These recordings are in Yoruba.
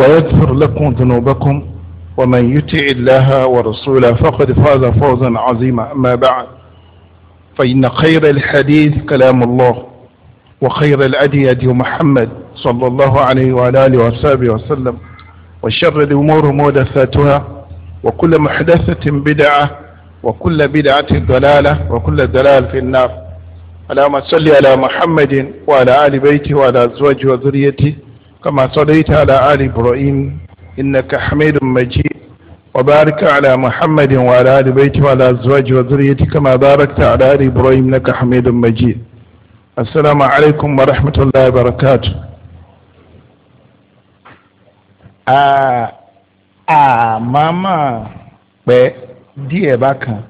ويغفر لكم ذنوبكم ومن يطع الله ورسوله فقد فاز فوزا عظيما أما بعد فإن خير الحديث كلام الله وخير الأدي أدي محمد صلى الله عليه وعلى آله وصحبه وسلم وشر الأمور محدثاتها وكل محدثة بدعة وكل بدعة ضلالة وكل ضلال في النار اللهم صل على محمد وعلى آل بيته وعلى أزواجه وذريته كما صليت على آل إبراهيم إنك حميد مجيد وبارك على محمد وعلى آل بيته وعلى أزواجه وذريته كما باركت على آل إبراهيم إنك حميد مجيد السلام عليكم ورحمة الله وبركاته àmàmà pẹ́ díẹ̀ bákan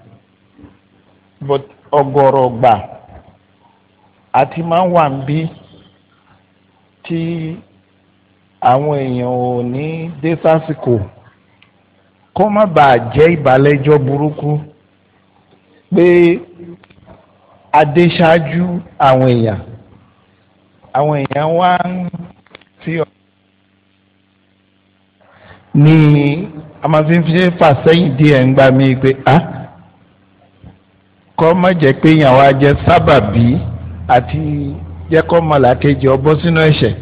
but ọ̀gọ̀rọ̀ gbà àti máa ń wà ń àwọn èèyàn ò ní dé sásìkò kó má bàa jẹ́ ìbálẹ́jọ́ burúkú pé adé ṣáájú àwọn èèyàn àwọn èèyàn wá ń fi ọ ní amafínfín fàsẹ́yìn díẹ̀ ń gbà mí pé a kọ́ má jẹ́ pé èèyàn wá sábàbí àti jẹ́ mọ̀lá kejì ọ bọ́ sínú ẹ̀ṣẹ̀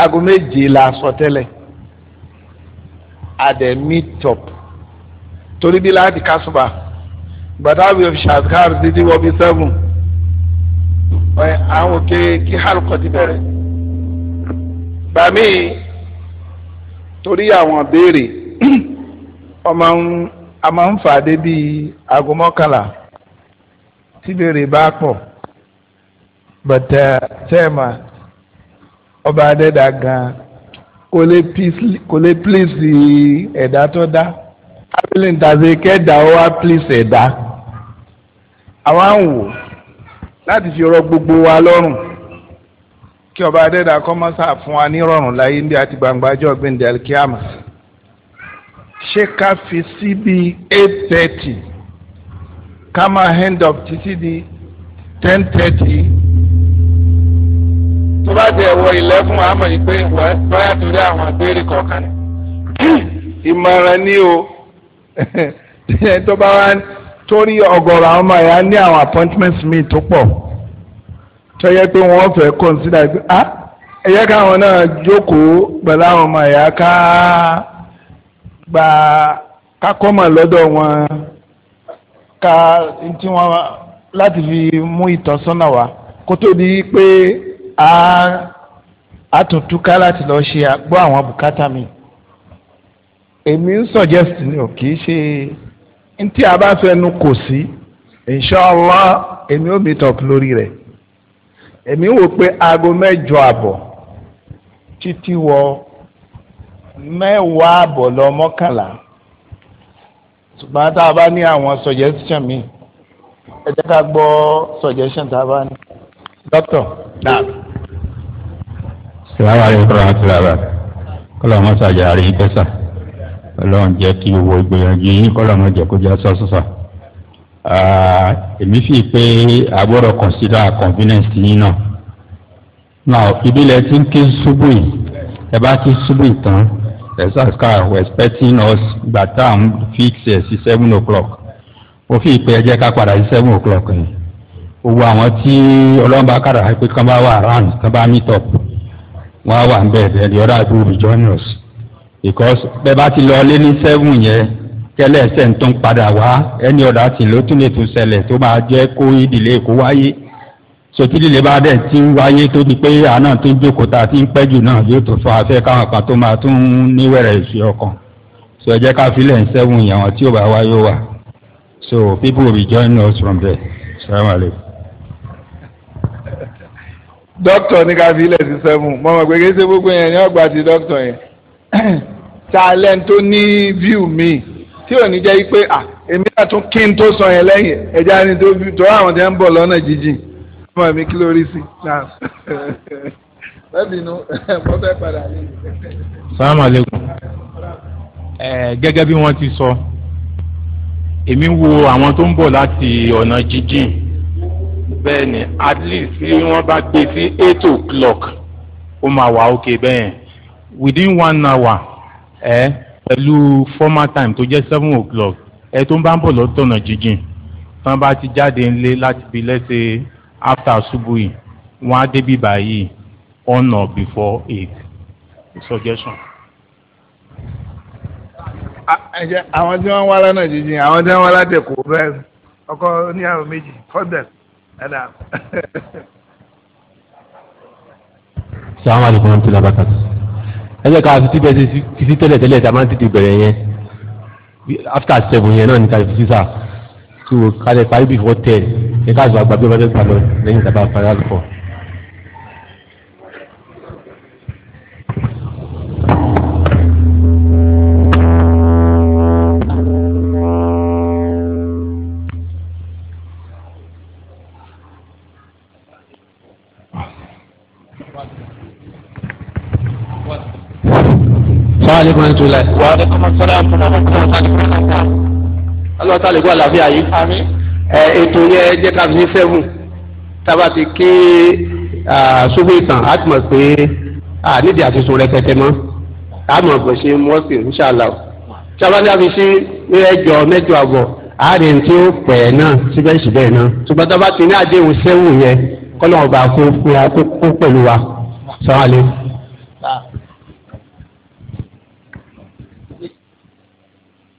aago méje la sọ tẹ́lẹ̀ adẹ meet up torí bí láti kásùbà gbàdá bí o fi ṣàkàrù títí wọ́n bí sẹ́fún ẹ àwọn òkè kí hálùkọ́ ti bẹ̀rẹ̀ bàmí torí àwọn béèrè ọmọ ń a máa ń fà dé bíi aago mọ́kànlá tí béèrè bá pọ̀ bàtà sẹ́ẹ̀mà uh, ọba adẹ́dà gan kò lè pílìsì ẹ̀dá tó dá abẹ́lẹ̀ ntàzẹ́ kẹ́dà ó wá pílìsì ẹ̀dá àwa ń wò láti fi rọ gbogbo wa lọ́rùn kí ọba adẹ́dà kọ́mọ́sà fún wa nírọ̀rùn láyé ní àti gbangba ọjọ́ gbẹ̀ndẹ̀ alikiyama ṣé ká fi sí bíi eight thirty ká máa hand up títí di ten thirty tó bá ti ẹ̀wọ̀ ilẹ̀ fún wa mọ̀ yìí pé báyà tó dé àwọn abéèrè kọ̀ọ̀kan. ìmọ̀ràn ni o tó bá wá torí ọ̀gọ̀rọ̀ àwọn ọmọ ẹ̀yà ní àwọn appointments mi tó pọ̀ tó yẹ pé wọ́n fẹ́ consider pé ah ẹ̀yẹ káwọn náà jókòó pẹ̀lú àwọn ọmọ ẹ̀yà ká gba kákọ́mọ̀ lọ́dọ̀ wọn ká tí wọ́n láti fi mú ìtọ́sọ́nà wá kó tó di pé a tún túká láti lọ ṣe gbọ́ àwọn bùkátà mi èmi ń suggest ni o kì í ṣe ntí a bá fẹnu kò sí inshallah èmi ò meet up lórí rẹ̀ èmi wò pé aago mẹ́jọ àbọ̀ títí wọ mẹ́wàá àbọ̀ lọ mọ́kànlá ṣùgbọ́n tá a bá ní àwọn suggestion mi ẹ jẹ́ ká gbọ́ suggestion tá a bá ní. doctor. Nah sàlámù alaykum rahmatulah abad kọlọ́ọ̀ mọ́sá jàre ń pẹ́sà kọlọ́ọ̀ ń jẹ́ kí owó ìgbìyànjú yín kọlọ́ọ̀ mọ́ jẹ́ kó jẹ́ sọ́sọ́sọ́. èmi fi pé agbọ́dọ̀ consider convenience yín náà. now ìbílẹ̀ tí ń ké ṣubú yìí ẹ bá ké ṣubú yìí tán ẹ̀sán car were expecting us gbàtà ń fix ẹ̀ sí seven o'clock ó fi ìpè ẹjẹ ká padà sí seven o'clock yẹn gbogbo àwọn tí ọlọ́mọba kàrà pé kán bá wà round kán bá meet up wọ́n á wà ń bẹ̀ bẹ́ẹ̀ the other two will join us because bẹ́ẹ̀ bá ti lọ lé ní seven yẹn kẹlẹ́ ẹsẹ̀ ń tún padà wá ẹni ọ̀dà sì ló tún lè tún ṣẹlẹ̀ tó máa jẹ́ kó ìdílé kó wáyé sotídìlé bá dẹ̀ ti ń wáyé tó di pé àná tó ń jókòó tá a ti ń náà yóò tó fa afẹ́ káwọn kan tó máa tún níwẹ̀rẹ̀ ìfi ọkàn so ẹ jẹ́ ká filẹ̀ ń sẹ́wọ̀n yẹn wọn tí ò bá wáyé wà so people will be joining us from there. Assalamu alaikum. Doctor, ní ká fi ilẹ̀ sí sẹ́mu mo mọ̀ pé kí ṣe gbogbo yẹn ní ọgbà ti dókítà yẹn talent tó ní view mi tí ò ní jẹ́ pé à èmi náà tún kí n tó sọ yẹn lẹ́yìn ẹ̀já ni tó fi tó àwọn tí wọ́n ń bọ̀ lọ́nà jíjìn ọmọ mi kí ló rí sí. lẹ́bìnú mo fẹ́ padà lé. salamu aleykum gẹ́gẹ́ bí wọ́n ti sọ èmi wo àwọn tó ń bọ̀ láti ọ̀nà jíjìn bẹ́ẹ̀ ni at least bí wọ́n bá gbé sí eight o'clock ó máa wà ókè bẹ́ẹ̀ within one hour ẹ pẹ̀lú formal time tó jẹ́ seven o'clock ẹ tó ń bá ń bọ̀ lọ́tọ̀nà jíjìn tán bá ti jáde ńlé láti fi lẹ́sẹ̀ after ṣubú yìí wọ́n á débi báyìí on or before eight suggestion. àwọn tí wọ́n wá lọ́nà jíjìn àwọn tí wọ́n wá látẹ̀kọ́ bẹ́ẹ̀ ọkọ oníyàwó méjì kọ́dẹ̀ ẹnà. sàmà ló kọ́ tó lábàtà ẹ jẹ́ ká fiti bẹ́ẹ̀ fiti tẹ́lẹ̀ tẹ́lẹ̀ tá a máa ti di bẹ̀rẹ̀ yẹn after seven yẹn náà ní ká fiti sà tó kálẹ̀ parí before ten ẹ ká zọ àgbà bí wọ́n ti gbà lọ lẹ́yìn tá a bá parí aleykum wa rahmatulahi. wa aleykum asalaam wa rahmatulahi. alọ́ta àlekún àlàáfíà yìí. àmín. ẹ ètò yẹn jẹ́ ká fi ní sẹ́fù tába ti ké ṣubú ìtàn á ti mọ̀ pé nídìí àti sun rẹpẹtẹ mọ́ a mọ̀ bọ̀ ṣe mọ́sì inṣàlá o. sábà ní a fi ṣe ẹjọ mẹ́jọ àbọ̀ àárín tí ó pẹ̀ náà síbẹ̀síbẹ̀ náà ṣùgbọ́n tába ti ní àdéhùn sẹ́wù yẹn kọ́lọ́ọ̀bà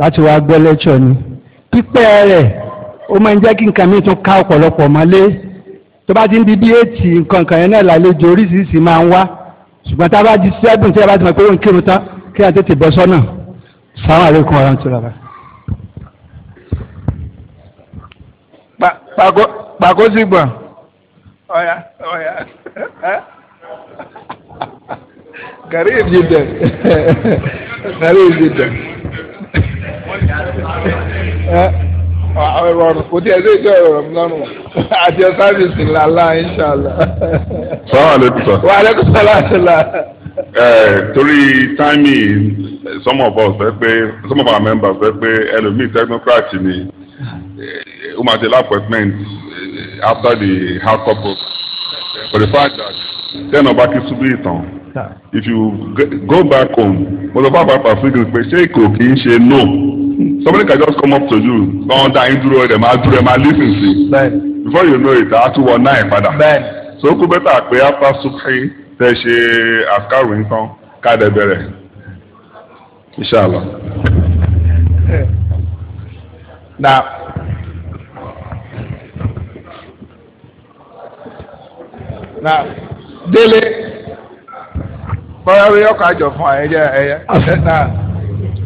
láti wá gbọ́ lẹ́tọ̀ ni pípẹ́ rẹ̀ ó máa ń jẹ́ kí nǹkan míì tún ká ọ̀pọ̀lọpọ̀ mọ́lé tó bá ti ń di bí èètì nǹkan kan yẹn náà lálejò oríṣiríṣi máa ń wá ṣùgbọ́n tá a bá di sẹ́dùn tí a bá ti mọ̀ pé ó ń kírun tán kí a tètè bọ́ sọ́nà sáwọn àlékún ọ̀rọ̀ tó rà. pàkó sì gbọ̀n ọ̀yà ọ̀yà kàrí èdè dẹ̀ kàrí èdè dẹ̀ ọ̀rọ̀rùn eh, kò tí ẹ lè jẹ́ ọ̀rọ̀rùn lọ́rùn àti ọ̀sáàbìsì làlá inṣàlá. sọ́wọ́n àlékún sọ. wà á lékún sọ láti là. torí táìmì some of us fẹ́ pé some of our members fẹ́ pé ẹlòmíì technocrat ni eh, ó máa ṣe lab appointment eh, after the house call program for the fact that ten ọba kí súbú ìtàn if you go back home mo sọ fún àpapọ̀ fún mi pé ṣé kò kí ń ṣe no somebody can just come up to you kàn dá yín dúró ẹ̀ máa dúró ẹ̀ máa listen sí i before you know it àá tún wọ náà padà so kú bẹ́tà pé apá sùkì tẹ̀ ṣe àkàrò yín tán ká dẹ̀ bẹ̀rẹ̀ inshallah. Now, now, Délé, bọ́lá rí ọkọ̀ àjọ fún ẹ̀yẹ ẹ̀yẹ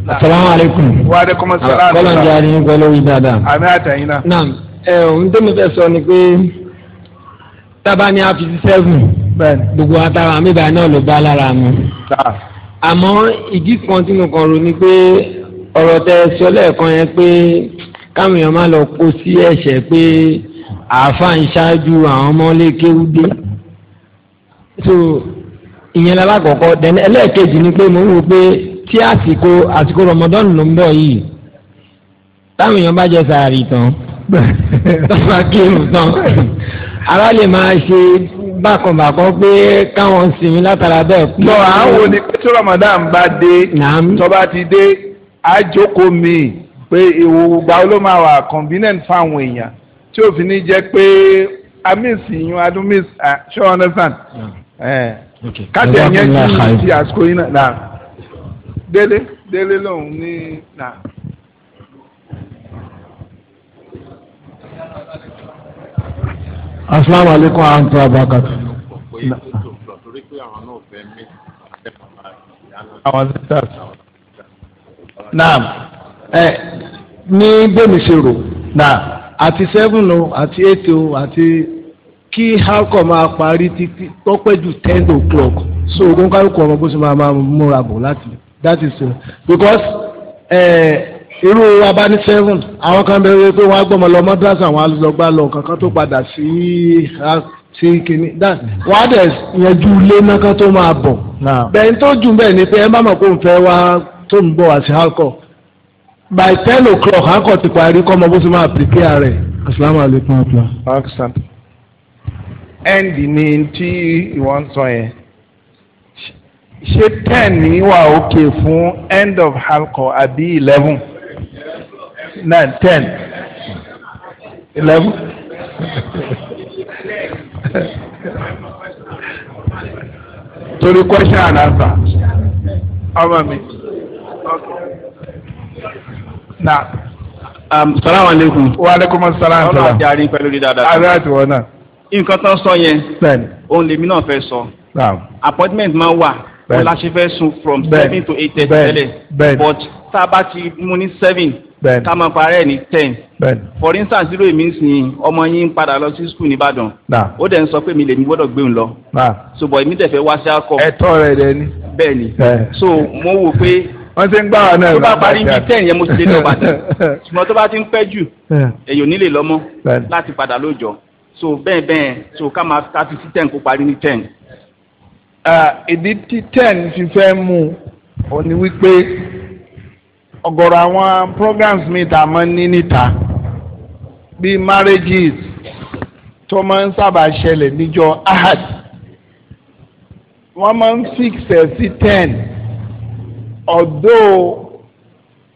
asalaamu aleykum. wa aleykum salaam. kọ́lá ah, ń jaari ní pẹ̀lú yìí dáadáa. àmì àtẹ̀yìn náà. naam ẹ ohun tó mi fẹ́ sọ ni pé tábà ní a fi sẹ́fún. bẹ́ẹ̀ni. gbogbo atara mi báyìí náà ló bá lára mu. Ah. àmọ́ ìdí kan tí mo kàn rò ni pé ọ̀rọ̀ tẹ sọ lẹ́ẹ̀kan yẹn pé káwọn èèyàn máa lọ kó sí ẹ̀ṣẹ̀ pé àáfàá ń ṣáájú àwọn ọmọ lè kéwú dé. so ìyẹn lálákọ̀ọ́kọ́ ẹlẹ́ẹ̀kejì ni pé mo rò pé tí àsìkò àsìkò rọmọdọ́nù ló ń bọ̀ yìí táwọn èèyàn bá jẹ sàárì tán tọ́ba kírun tán ara lè máa ṣe bákanbàkan pé káwọn sinmi látara bẹ́ẹ̀. lọ à ń wo ni pé ramadan bá dé tọ́ba ti dé àjókòó mi pé ìwò gba ló máa wà convenient fáwọn èèyàn tí òfin ní jẹ́ pé amísì yín adúmísì ah, ṣé o understand. Eh. káàdì ẹ̀yẹ́ ti àsìkò yín náà. délé délé lòun ní nà. asalaamu aleykum wa rahmatulahi wa barakatu. àwọn sisters. naam ẹ ní bẹ́ẹ̀ni naam àti seven o àti eight o àti kí halkọ máa parí títí tọ́pẹ́ ju ten o'clock so ogun kárùkù ọmọ bó ṣe máa máa múra bọ̀ láti. that is so because eh, irú wa seven àwọn kan bẹ̀rẹ̀ pé wọ́n á gbọ́mọ lọ mọ́dúrásà wọn á lọ gbá lọ kankan tó padà sí sí kìíní wọ́n á dẹ̀ yanjú ilé náà kan tó máa bọ̀ bẹ́ẹ̀ tó jù bẹ́ẹ̀ ni pé ẹ má mọ̀ kó n fẹ́ wá tó ń bọ̀ wá sí alcohol by ten o'clock alcohol ti parí kọ́ ọmọ bó ti máa prepare rẹ̀ asalaamualeykum. end ni tí ìwọ ń sọ yẹn ṣé ten ní wà òkè fún end of halqa àbí eleven nine ten eleven. torí question and answer ọmọ mi. na. Um, salaam aleykum. wa aleykum salaam. ọlọ́run àti àárín pẹ̀lú rí dáadáa. àárẹ̀ àti wọn náà. nǹkan tán sọ yẹn. bẹ́ẹ̀ni. òun lèmi náà fẹ́ sọ. appointment máa wà bẹ́ẹ̀ni ọlá ṣe fẹ́ sùn from seven to eight thirty tẹ́lẹ̀ bẹ́ẹ̀ni but tá a bá ti mú ní seven bẹ́ẹ̀ni ká máa parẹ́ ní ten bẹ́ẹ̀ni for instance irú èmi ń sìn ọmọ yín ń padà lọ sí school ní Ìbàdàn ó dẹ̀ ń sọ pé mi lèmi gbọ́dọ̀ gbé òun lọ so bọ̀ èmi tẹ̀fẹ́ wá sí akọ. ẹ̀tọ́ rẹ̀ dẹ̀ ni. bẹ́ẹ̀ni so mo wò pé wọ́n ti ń gbá wa náà lọ́wọ́ tó bá parí bíi ten yẹn mo ti lè lọ Ìbàdàn ṣùgbọ́n tó bá ti ń pẹ́ jù èyàn nílè lọ́mọ láti padà lóòjọ́ so bẹ́ẹ̀ bẹ́ẹ̀ so ká máa ká fi sí ten kó parí ní ten. Ah, ìdí tí ten fi fẹ́ mú ọ ni wípé ọ̀gọ̀rọ̀ àwọn programs mi ta máa ń ní níta bíi marriages tó máa ń sábà ṣẹlẹ̀ níjọ́ ahad wọ́n máa ń fix ẹ̀ sí ten although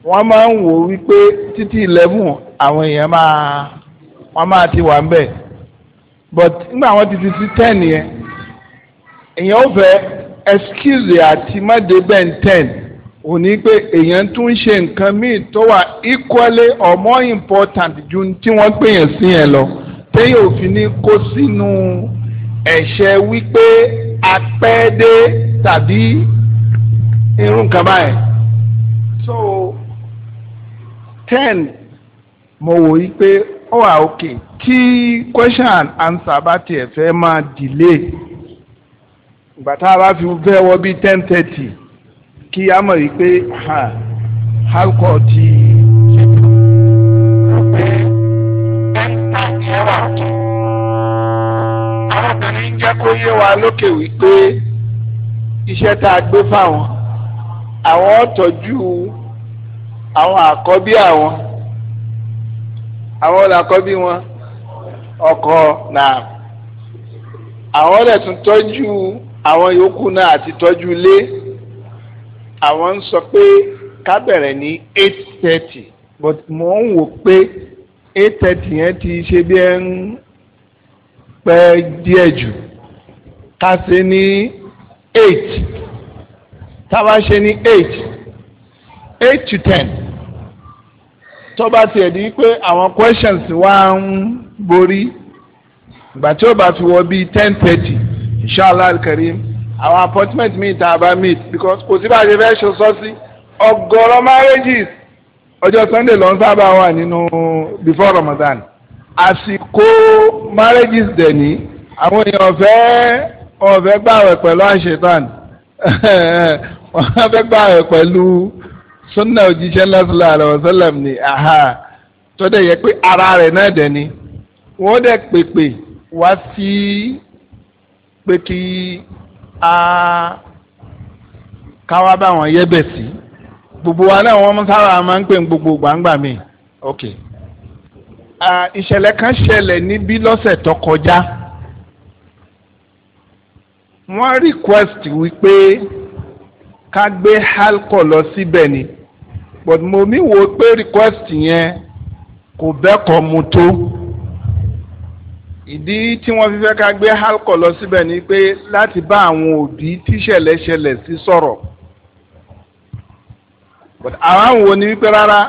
wọ́n máa ń wò wípé títí eleven àwọn èèyàn máa wọ́n máa ti wà ń bẹ̀ but nígbà wọ́n ti ti sí ten yẹn èèyàn fẹ́ excuse àti mọ́débẹ̀ ten òní pé èèyàn tún ń ṣe nǹkan míì tó wà equally or more important ju tí wọ́n gbèyàn sí yẹn lọ téèyàn ò fi ní kó sínú ẹ̀ṣẹ̀ wípé apẹ́ẹ́dé tàbí irú nǹkan báyẹn. so ten mo wò yí pé ó wà òkè tí question and answer bá tiẹ̀ fẹ́ máa delay. ìgbà tá a fi fẹ́ wọ bíi ten thirty kí a mọ̀ wípé alcohol ti. arábìnrin jẹ́ kó yé wa lókè wípé iṣẹ́ tá a gbé fáwọn àwọn tọ́jú àwọn àkọ́bí àwọn àwọn làkọ́bí wọn ọkọ na àwọn lè tún tọ́jú. àwọn yòókù náà àti tọ́jú ilé àwọn ń sọ pé ká bẹ̀rẹ̀ ní eight thirty but mò ń wò pé eight thirty yẹn ti ṣe bí ẹ ń pẹ́ díẹ̀ jù ká ṣe ní eight tá a bá ṣe ní eight eight to ten tó bá tiẹ̀ di pé àwọn questions wá ń borí ìgbà tí ó bá fi wọ bíi ten thirty inshallah alkarim our appointment meet tá meet because kò sí bá a ṣe fẹ́ ṣe sọ́sí ọgọ́rọ̀ marriages ọjọ́ sunday ló ń sábà wà nínú before ramadan àsìkò marriages dẹ̀ ní àwọn èèyàn fẹ́ wọ́n fẹ́ gbààwẹ̀ pẹ̀lú àṣetán wọ́n fẹ́ gbààwẹ̀ pẹ̀lú sunna òjíṣẹ́ sallallahu alaihi wasallam ni tó dẹ̀ yẹ pé ara rẹ̀ náà dẹ̀ ni wọ́n dẹ̀ pèpè wá sí pé kí a káwá bá wọn yẹ bẹ̀ sí gbogbo wa náà wọ́n sábà máa ń pè gbogbo gbàǹgbà mi ok ìṣẹ̀lẹ̀ kan ṣẹlẹ̀ níbí lọ́sẹ̀ tó kọjá wọ́n request wípé ká gbé halkọ lọ síbẹ̀ ni but mo mi wò pé request yẹn kò bẹ́ẹ̀ kọ́ mu tó ìdí tí wọ́n fi fẹ́ ká gbé halkọ lọ síbẹ̀ ni pé láti bá àwọn òbí tíṣẹ̀lẹ̀ ṣẹlẹ̀ sí sọ̀rọ̀ àwọn wo ni wípé rárá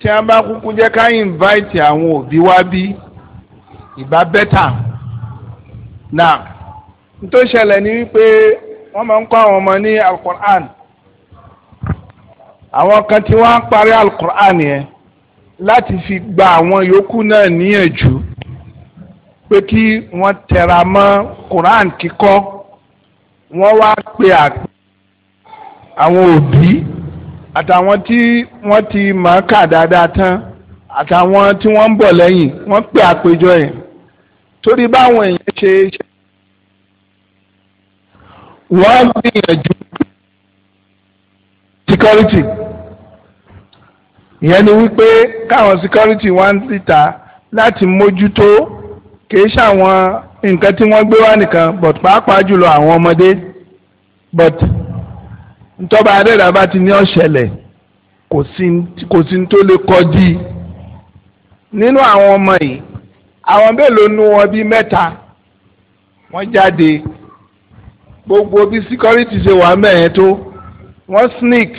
tí wọ́n bá kúkú jẹ́ ká invite àwọn òbí wá bí ìbá bẹ́tà náà tó ṣẹlẹ̀ ni wípé wọ́n máa ń kọ́ àwọn ọmọ ní alukur'an àwọn kan tí wọ́n á parí alukur'an yẹn láti fi gba àwọn yòókù náà níyànjú pé kí wọ́n tẹra mọ́ Quran kíkọ́ wọ́n wá pe àwọn òbí àtàwọn tí wọ́n ti mọ̀ ká dáadáa tán àtàwọn tí wọ́n ń bọ̀ lẹ́yìn wọ́n pe àpéjọ yẹn torí báwọn èèyàn ṣe ṣe wọ́n gbìyànjú security ìyẹn ni wípé káwọn security wá ń síta láti mójútó kìí ṣàwọn nǹkan tí wọ́n gbé wá nìkan but pàápàá jùlọ àwọn ọmọdé but ntọ́ba adẹ́rẹ́ bá ti ní ọ̀ṣẹ̀lẹ̀ kò sí tó lè kọjí nínú àwọn ọmọ yìí àwọn mélòó nu wọn bíi mẹ́ta wọ́n jáde gbogbo bí síkọ́rìtì ṣe wà mẹ́ẹ̀ẹ́ tó wọ́n sneak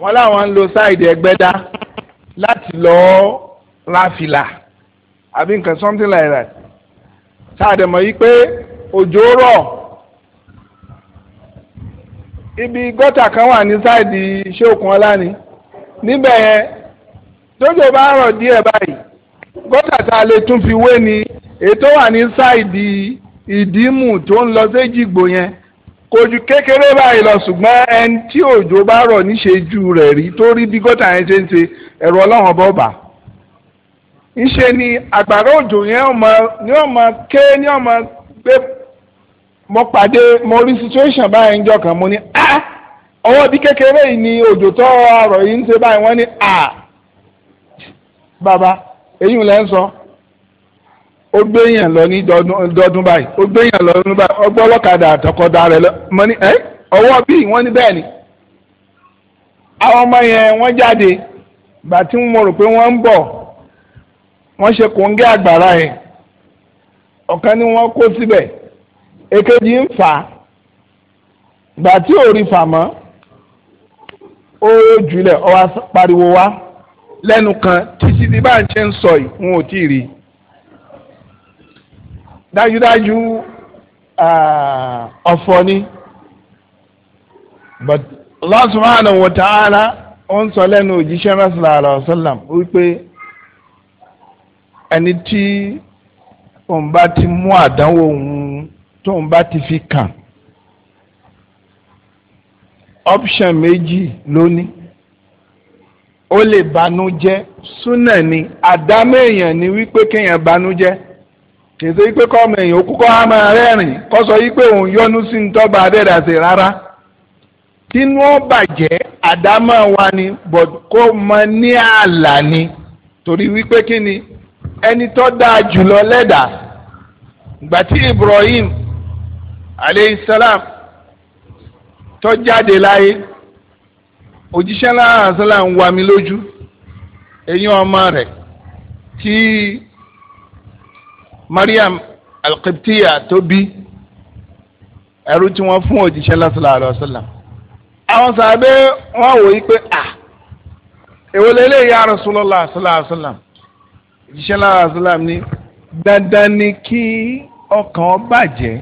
wọ́n láwọn ń lo sáìdì ẹgbẹ́dá láti lọ́ọ́ ráfìlà àbí nǹkan something like that ṣáàdẹ̀mọ̀ yìí pé òjò rọ̀ ibi gọ́tà kan wà ní sáìdì iṣẹ́ òkun ọlá ni níbẹ̀ yẹn tójò bá rọ̀ díẹ̀ báyìí gọ́tà tá a lè tún fi wé ni ètò wà ní sáìdì ìdímù tó ń lọ séjìgbò yẹn kò ju kékeré báyìí lọ ṣùgbọ́n ẹni tí òjò bá rọ̀ níṣe ju rẹ̀ rí tó rí bí gọ́tà yẹn ṣe ń ṣe ẹ̀rọ ọlọ́run bọ́ọ̀bà iṣẹ́ ni àgbàrá òjò yẹn ọmọ ní ọmọ ké ní ọmọ pé mo pàdé mo rí situation báyìí ń jọ kan mo ní á ah, ọwọ́ bí kékeré yìí ni òjò tó ọ̀rọ̀ yìí ń ṣe báyìí wọ́n ní à bàbá èyí ń lẹ́ ń sọ ó gbé yàn lọ ní dọdún báyìí ó gbé yàn lọ ní báyìí ọgbọ́n ọlọ́kadà àtọkọ́dá rẹ̀ lọ mo ní ọwọ́ bí wọ́n ní bẹ́ẹ̀ ni àwọn ọmọ yẹn wọ́n jáde gbà mo rò pé wọ́n ń bọ̀ wọ́n ṣe kòńgẹ́ àgbàrá yẹn ọ̀kan ni wọ́n kó síbẹ̀ èkejì ń fà á gbà tí ò rí fà mọ́ ó jùlẹ̀ ó wá pariwo wá lẹ́nu kan títí tí bá ń ṣe ń sọ yìí wọn ò tí ì rí i dájúdájú ọ̀fọ̀ ni but Allah subhanahu wa ta'ala ó ń sọ lẹ́nu òjíṣẹ́ sallallahu alaihi wasallam wípé ẹni tí òun bá ti mú àdánwò òun tóun bá ti fi kàn option méjì lónìí ó lè banújẹ́ súnà ni àdámọ̀ èèyàn ni wípé kéèyàn banújẹ́ kèsè wípé kọ́mọ èèyàn ó kúkọ́ á máa rẹ́rìn kọ́ sọ wípé òun yọnu sí ní tọ́ba adẹ́dàsẹ̀ rárá tínú ó bàjẹ́ àdámọ̀ wa ni bọ̀d kó mọ ní ààlà ni torí wípé kí ni ẹni tó dáa jùlọ lẹ́dà gbàtí Ibrahim aleyhisselam tó jáde láyé òjíṣẹ́ náà sọ́là ń wà mí lójú ẹ̀yìn ọmọ rẹ̀ tí Mariam alqibtiya tó bí ẹrú tí wọ́n fún òjíṣẹ́ lọ́sọ̀lá àlọ́sọ̀lá àwọn sàbẹ̀ wọ́n wòye pé à ah, èwo lélẹ́yìí ya Rasulullah òjíṣẹ́ lára asálàm ní dandan ni kí ọkàn ọ bàjẹ́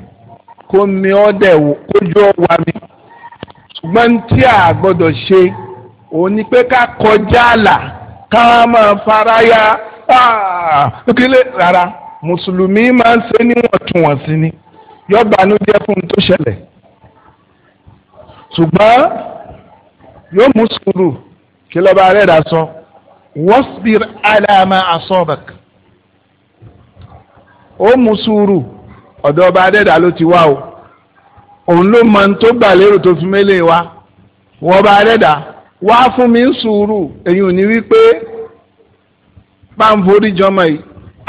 kó mi ọ́ dẹ̀ kójú ọ wá mi ṣùgbọ́n tí a gbọ́dọ̀ ṣe òun ni pé ká kọjá àlà ká máa faraya kílé rárá mùsùlùmí máa ń ṣe níwọ̀ntúnwọ̀nsí ni yọ́bàánú jẹ́ fún un tó ṣẹlẹ̀ ṣùgbọ́n yóò mú sùúrù kí lọ́ba rẹ̀ dá sọ. So wasbir ala ma asabak ó mú sùúrù ọ̀dọ̀ ọba adẹ́dà ló ti wá o òun ló mọ ní tó gbà lérò tó fi mélé wa wọ́n ọba adẹ́dà wá fún mi ń sùúrù èyí ò ní wípé bá jọmọ yìí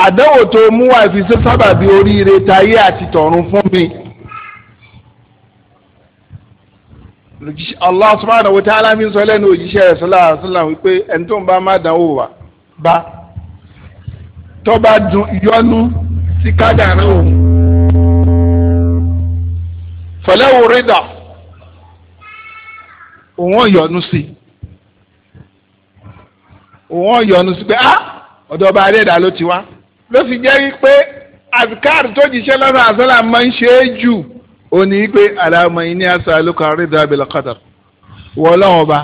àdánwò tó mú wá fi ṣe sábàbí oríire tayé àti tọ̀run fún mi. Allah subhanahu wa ta'ala mi sọ lẹ́nu òjíṣẹ́ rẹ̀ sallallahu alaihi wasallam wípé ẹni tó ń bá má dánwò wá bá tó bá dùn yọnu sí kádàrá òun. fọlẹ́wò rídà òun yọnu sí òun yọnu sí pé á ah, ọ̀dọ̀ ọba adéda ló ti wá ló fi jẹ́ wípé àfikàr tó jíṣẹ́ lọ́nà àṣọlá máa ń ṣe é jù ó ní pé àlàmà yìí ní aṣọ àlùkò àrídọ́ abẹ́lẹ̀ kọ́tà wọ́n lọ́wọ́ bá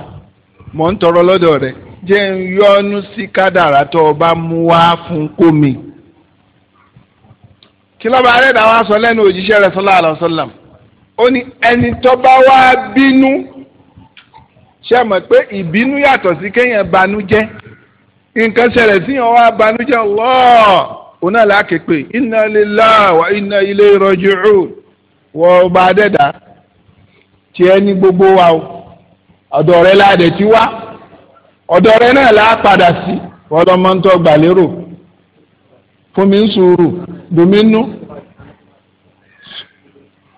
mọ̀ ń tọrọ lọ́dọ̀ rẹ̀ jẹ́ ń yọ́nú sí kádàrà tó o bá mú wá fún kómi. kí lọ́ba arẹ́dà wa sọ lẹ́nu òjíṣẹ́ rẹ̀ sallallahu alaihi wasallam ó ní ẹni tó bá wá bínú ṣe mọ̀ pé ìbínú yàtọ̀ sí kéèyàn banújẹ́ nǹkan ṣẹlẹ̀ síyàn wá banújẹ́ Allah òun náà lákèpé inna lillahi wa inna ilayhi raji'un wọ ọba adẹ́dá tiẹ̀ ní gbogbo wa o ọ̀dọ̀ rẹ láàdẹ̀ tí wá ọ̀dọ̀ rẹ náà là á padà sí ọlọ́mọ́ntọ́ gbàlérò fún mi ń sùúrù domi nú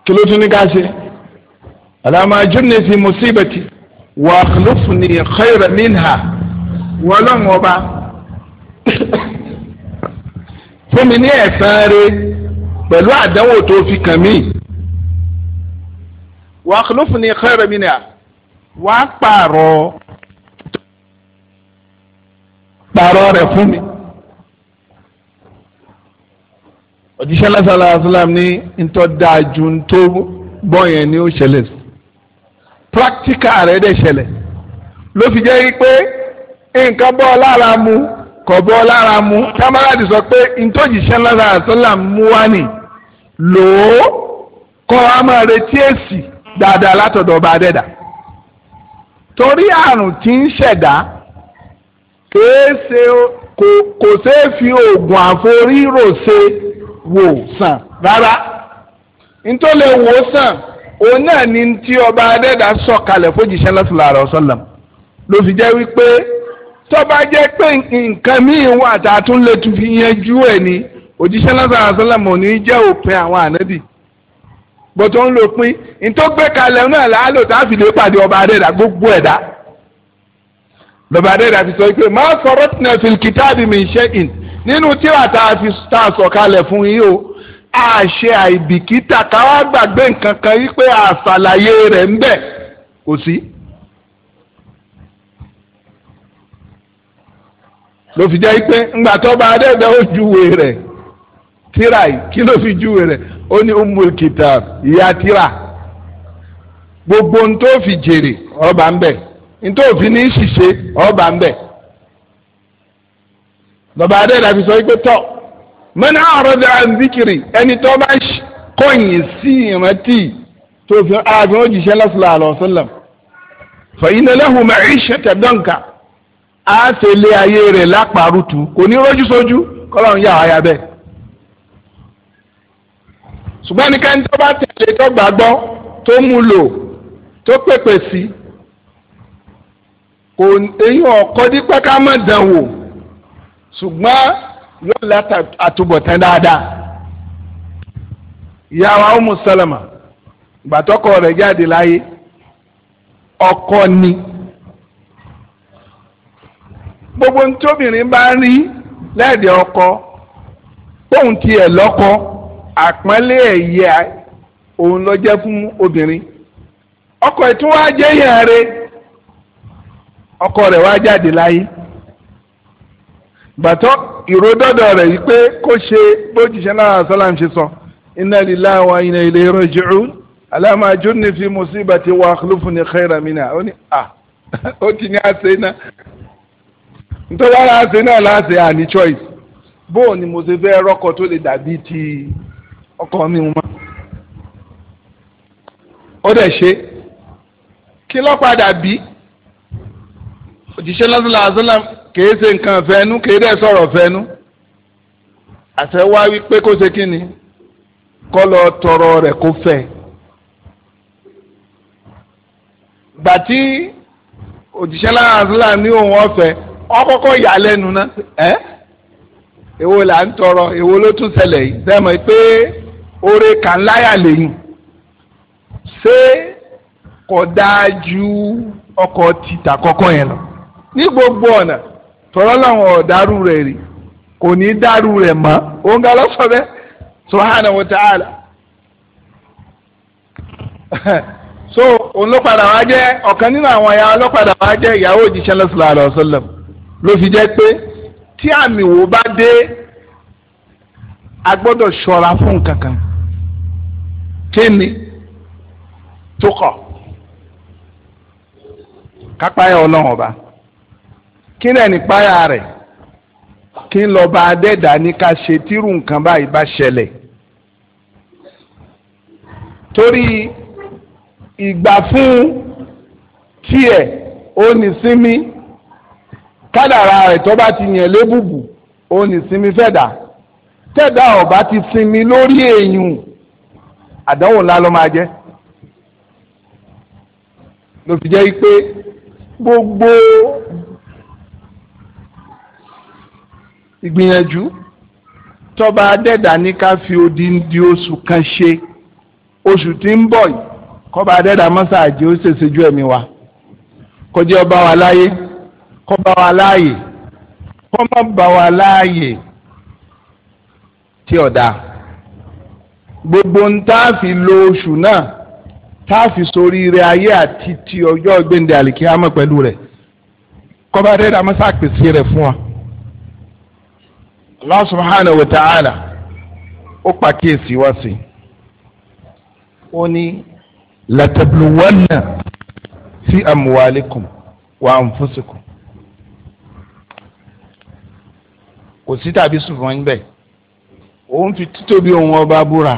kí ló tún ní ká ṣe alama ajurni fi musibati wa akhlufni khayra minha wọlọ́n ọba fún mi ní ẹ̀san rẹ̀ pẹ̀lú àdánwò tó fi kàn mí wàá kìlófù ní khayran minha wàá pààrọ̀ pààrọ̀ rẹ̀ fún mi. òjíṣẹ́ lásàlá asalaam ní ntọ́ dáa ju ntọ́ bọ́ yẹn ní ó ṣẹlẹ̀ sí practical rẹ̀ dẹ̀ ṣẹlẹ̀ ló fi jẹ́ pé nǹkan bọ́ lára mu kọ̀ bọ́ lára mu támárádì sọ pé ntọ́jíṣẹ́ lásàlá asalaam mú wá nì lòó kọ́ a máa retí èsì. dáadáa látọ̀dọ̀ ọba adẹ́dà torí àrùn tí ń ṣẹ̀dá kò ṣeé fi oògùn àforírò ṣe wò sàn rárá nítorí wò sàn òun náà ni tí ọba adẹ́dà sọ̀kalẹ̀ fòjìṣẹ́ lọ́sọ̀lá rẹ̀ ọ̀sọ́lẹ̀m ló fi jẹ́ wípé tọ́ba jẹ́ pé nǹkan míì wà tá a tún lè tún fi ẹ̀ ni òjíṣẹ́ jẹ́ òpin àwọn ànábì bọ́tọ̀ ń lò pín ní tó gbé kalẹ̀ náà láàlò tá a fi lè pàdé ọba adẹ́dà gbogbo ẹ̀dá lọ́ba adẹ́dà fi sọ pé má sọ̀rọ̀ tìǹà fil kitabi min shay'in nínú tíra tá a fi tá a sọ kalẹ̀ fún yín o a ṣe àìbìkítà káwá gbàgbé nǹkan kan yí pé àṣàlàyé rẹ̀ ń bẹ kò sí. ló fi jẹ́ pé ńgbà tó bá adẹ́dà ó juwèé rẹ̀ tíra yìí kí ló fi júwe rẹ̀ ó ní umul kitab ya tíra gbogbo ń tó fi jèrè ọba ń bẹ ń tó fi ní ṣìṣe ọba ń bẹ bàbá adéèdà fi sọ pé tọ mẹ́nà àròdà àǹdíkiri ẹni tó bá kọ̀yìn sí ìrántí tó fi ààfin òjìṣẹ́ lọ́sọ̀lá àlọ́sọ̀lá fẹ̀yìnlẹ́hùn mẹ́rin ṣẹ̀tẹ̀ dọ́ǹkà á ṣe lé ayé rẹ̀ lápárùtù kò ní rójú sójú kọ́lọ́run yà wáyà bẹ́ẹ̀ ṣùgbọ́n ẹnikẹ́ni tó bá tẹ̀lé tó gbàgbọ́ tó mú lò tó pèpè sí kò eyín ọ̀kọ́ dípẹ́ ká má dán wò ṣùgbọ́n yóò láti àtúbọ̀tán dáadáa ìyá wa Umu Salama gbàtọ́kọ rẹ̀ jáde láyé ọkọ ni gbogbo ntóbìnrin bá ń rí lẹ́ẹ̀dẹ̀ ọkọ tóun tiẹ̀ lọ́kọ àpọ́nlé ẹ̀yẹ òun lọ jẹ́ fún obìnrin ọkọ ẹ̀ tún wáá jẹ́ yàn rẹ ọkọ rẹ̀ wáá jáde láyé bàtọ́ ìródọ́dọ̀ rẹ̀ yìí pé kó ṣe bójìṣẹ́ náà sálàm ṣe sọ inna lillahi wa inna ilayhi raji'un alama junni fi musibati wa akhlufni khayran minha ó ní à ó ti ní àṣẹ iná nítorí àṣẹ náà láṣẹ àní choice bóò ni mo ṣe fẹ́ rọ́kọ tó lè dàbí ti ọkọ mi ma, ó dẹ̀ ṣe kí ló padà bí òjíṣẹ́ lọ́sọ̀lá àzọ́là kìí ṣe nǹkan fẹ́nu kìí dẹ̀ sọ̀rọ̀ fẹ́nu àṣẹ wá wípé kó ṣe kí ni kọ́ lọ tọrọ rẹ̀ kó fẹ́ gbàtí òjíṣẹ́ lọ́sọ̀lá àzọ́là ní òun ọ̀fẹ́ ọkọ̀kọ̀ yà lẹ́nu náà ẹ́ èwo là ń tọrọ èwo ló tún ṣẹlẹ̀ yìí sẹ́mọ̀ pé. oore kan láyà lẹ́yìn ṣé kò dáa ju ọkọ̀ títà kọ́kọ́ yẹn lọ ní gbogbo ọ̀nà tọ́lọ́ làwọn ọ̀darú rẹ̀ rí kò ní dárú rẹ̀ mọ́ òun ga lọ́sọ̀ bẹ́ẹ̀ subhanahu wa ta'ala so òun ló padà wá jẹ́ ọ̀kan nínú àwọn ẹ̀yà ọlọ́padà wá jẹ́ ìyàwó òjíṣẹ́ sallallahu alaihi ló fi jẹ́ pé tí àmì wo bá dé a gbọ́dọ̀ ṣọ́ra fún kankan kíni tó kọ̀ kápáyà ọlọ́run ọba kí náà ní páyà rẹ̀ kí n lọ́ba adẹ́dà ní ká ṣe tírú nǹkan báyìí bá ṣẹlẹ̀ torí ìgbà fún tiẹ̀ ó ní sinmi kádàrá rẹ̀ tó bá ti yàn lébùbù ó ní sinmi fẹ́ dà tẹ́dá ọ̀bá ti sinmi lórí èèyàn àdánwò ńlá ló máa jẹ́ ló fi jẹ́ pé gbogbo ìgbìyànjú tọ́ba adẹ́dà ní ká fi odindi oṣù kan ṣe oṣù tí ń bọ̀ yìí kọ́ba adẹ́dà mọ́sáàjì ó ṣèṣe ju ẹ̀mí wa kọjá ọba wa láyé kọ́ba wa láàyè kọ́mọ́ bá wa láàyè tí da, gbogbo ń tá a fi lo oṣù náà tá a fi sórí ire ayé àti ti ọjọ́ gbẹ̀ndẹ̀ àlìkíyàmọ̀ pẹ̀lú rẹ̀ kọ́ba dẹ́rẹ́ amọ́sá pèsè rẹ̀ fún wa. Allah subhanahu wa ta'ala ó pàkíyèsí wá sí ó ní latabluwanna fi amwalikum wa anfusikum kò sí tàbí sùnfọ́n níbẹ̀ òun fi títóbi òun ọba búra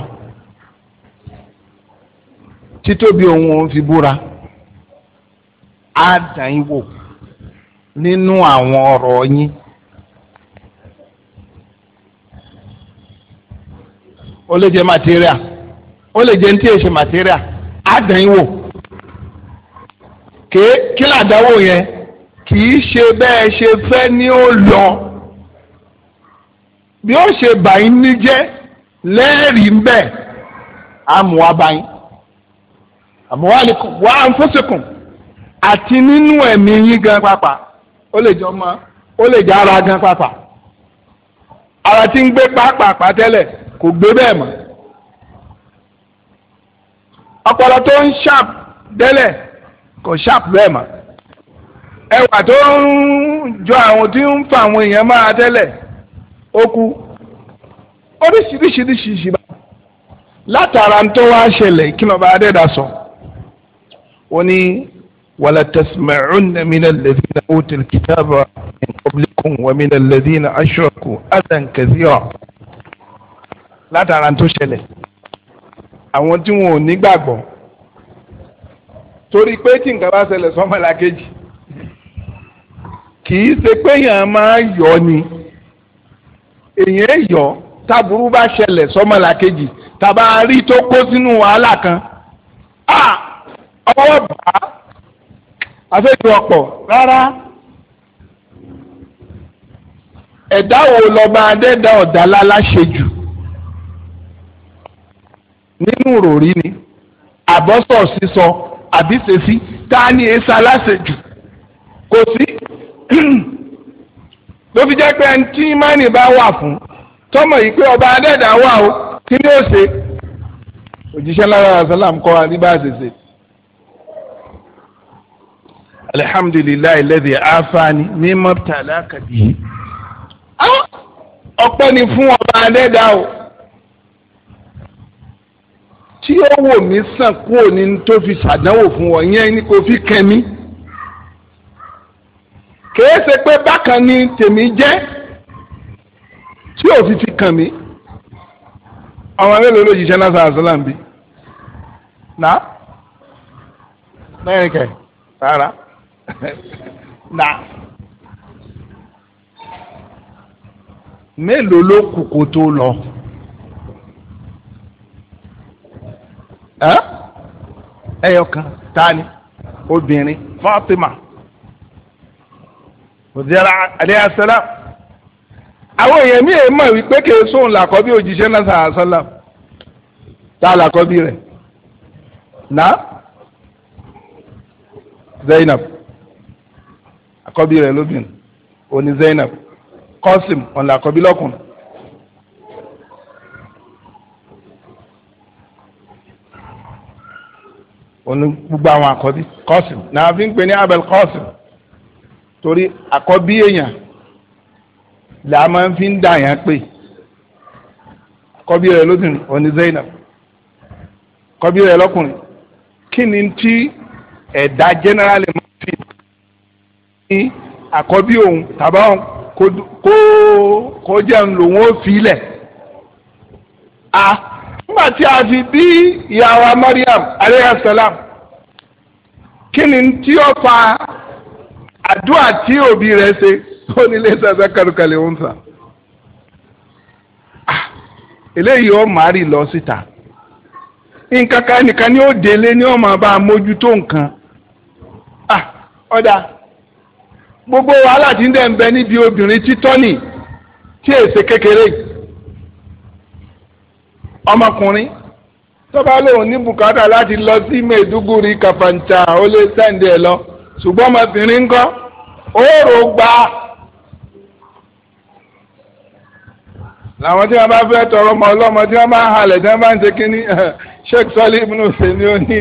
títóbi òun òun fi búra á dàn yín wò nínú àwọn ọ̀rọ̀ yín. ó lè jẹ́ material ó lè jẹ́ ní tí yẹ ṣe material á dàn yín wò kí kí làdáwò yẹn kì í ṣe bẹ́ẹ̀ ṣe fẹ́ ni ó lọ bí ó ṣe bàyín níjẹ́ lẹ́ẹ̀rìí ń bẹ̀ àmúwá báyìí àmúwálẹ̀kùn wà á ń fọ́sẹ̀kùn àti nínú ẹ̀mí yín gan pàápàá ó lè jọ mọ́ ó lè jẹ́ ara gan pàápàá ara tí ń gbé pàápàá tẹ́lẹ̀ kò gbé bẹ́ẹ̀ mọ́ ọpọlọ tó ń ṣàp délẹ̀ kò ṣàp bẹ́ẹ̀ mọ́ ẹwà tó ń jọ àwọn tí ń fa àwọn èèyàn máa tẹ́lẹ̀ ó kú oríṣiríṣiríṣiríṣi bá látara tó wá ṣẹlẹ̀ kí lọ́ba adẹ́dà sọ ó ní wàlá tasma'unna min alladhina utul kitaba min qablikum wa min alladhina ashraku adan kathira látara tó ṣẹlẹ̀ àwọn tí wọn ò nígbàgbọ́ torí pé tí nǹkan bá ṣẹlẹ̀ sọ́mọ́lá kejì kì í ṣe pé yàn máa yọ ni èyàn yọ táburú bá ṣẹlẹ̀ sọ́mọ́là kejì tàbá rí tó kó sínú wàhálà kan a ọwọ́ bá afẹ́jọ ọ̀pọ̀ rárá ẹ̀dá wo lọ́ba adẹ́dá ọ̀dàlá láṣẹ jù nínú ròrí ni àbọ́sọ̀ sísọ àbíṣesí tá a ní esa láṣẹ kò sí. ló fi jẹ́ pé ẹni tí imáni bá wà fún tọ́mọ̀ yìí pé ọba adẹ́dàá wà ó kí ni ó ṣe òjíṣẹ́ lára àṣàlám kọ́ wa ní bá a ṣe ṣe. alihamdulilayi lẹ́dí afaani ní mọ́tàlá kàbí. ọpẹ́ ni fún ọba adẹ́dàá o tí ó wò mí sàn kúrò ní tó fi ṣàdánwò fún ọ yẹn ni kò fi kẹ́mi. kèé ṣe pé bákan ni tèmi jẹ́ tí ò ti kàn mí àwọn mélòó azụla náà sàrà ń bí nà mẹ́rin kẹ̀ rárá nà mélòó ló kù kan tani obìnrin Fatima. òzìyàrá alẹ́ àṣẹlá àwọn èèyàn mi èèmọ̀ wípé kìí sóun làkọ́bí òjíṣẹ́ náà sàásọ́lá tá a làkọ́bí rẹ̀ nà Zainab àkọ́bí rẹ̀ lóbìn òní Zainab Qasim ọ̀nà àkọ́bí lọ́kùnrin. òní gbogbo àwọn àkọ́bí Qasim náà fi ń pè ní Abel Qasim torí àkọ́bí èèyàn là máa ń fi ń dà yàn pé àkọ́bí rẹ̀ lóbìnrin òní Zainab àkọ́bí rẹ̀ lọ́kùnrin kí ni tí ẹ̀dá generally máa fi ní àkọ́bí òun tàbá òun kó kó jẹun lòun ó fi ilẹ̀ a nígbà tí a fi bí ìyá wa Mariam aleyhisselam kí ni tí ó fa àdúrà tí òbí rẹ̀ ṣe ó ní ilé sàṣà kàlùkàlẹ̀ ń sà ah, eléyìí ó màárì lọ síta nǹkan kan nìkan ni ó délé ni ó máa bá a mójútó nǹkan ah, ọ̀dà gbogbo wàhálà tí ń dẹ̀ ń bẹ níbi obìnrin títọ́ nì tí èsè kékeré ọmọkùnrin tó bá ní bùkátà láti lọ sí Maiduguri kàfàǹtà ó lé sẹ́ǹdẹ̀ lọ ṣùgbọ́n ọmọbìnrin ńkọ́ òórò gbà làwọn tí wọn bá fẹ́ tọrọ ọmọ ọlọ́mọ tí wọn bá ń halẹ̀ tí wọn bá ń ṣe kínní Sheikh sọlí ibùnú sèmi ó ní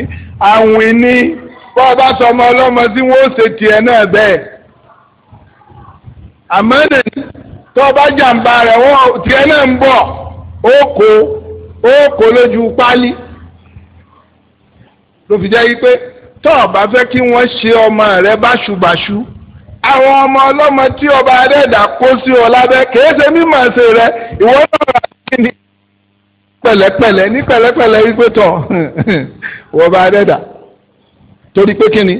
àwìn ní bọ́ ọ sọ ọmọ ọlọ́mọ tí wọ́n ó ṣe tiẹ̀ náà bẹ́ẹ̀ àmọ́ tó o bá jàǹbá rẹ̀ wọ́n tiẹ̀ náà ń bọ̀ ó kó ó kó lójú pálí ló fi jẹ́ yí pé tó o bá fẹ́ kí wọ́n ṣe ọmọ rẹ báṣubàṣu àwọn ọmọ ọlọ́mọ tí ọba adẹ́dà kó sí ọ lábẹ́ kìí ṣe mímọ̀ ṣe rẹ ìwọ náà rà kíni pẹ̀lẹ́pẹ̀lẹ́ ní pẹ̀lẹ́pẹ̀lẹ́ wípé tọ̀ ọba adẹ́dà torí pé kíni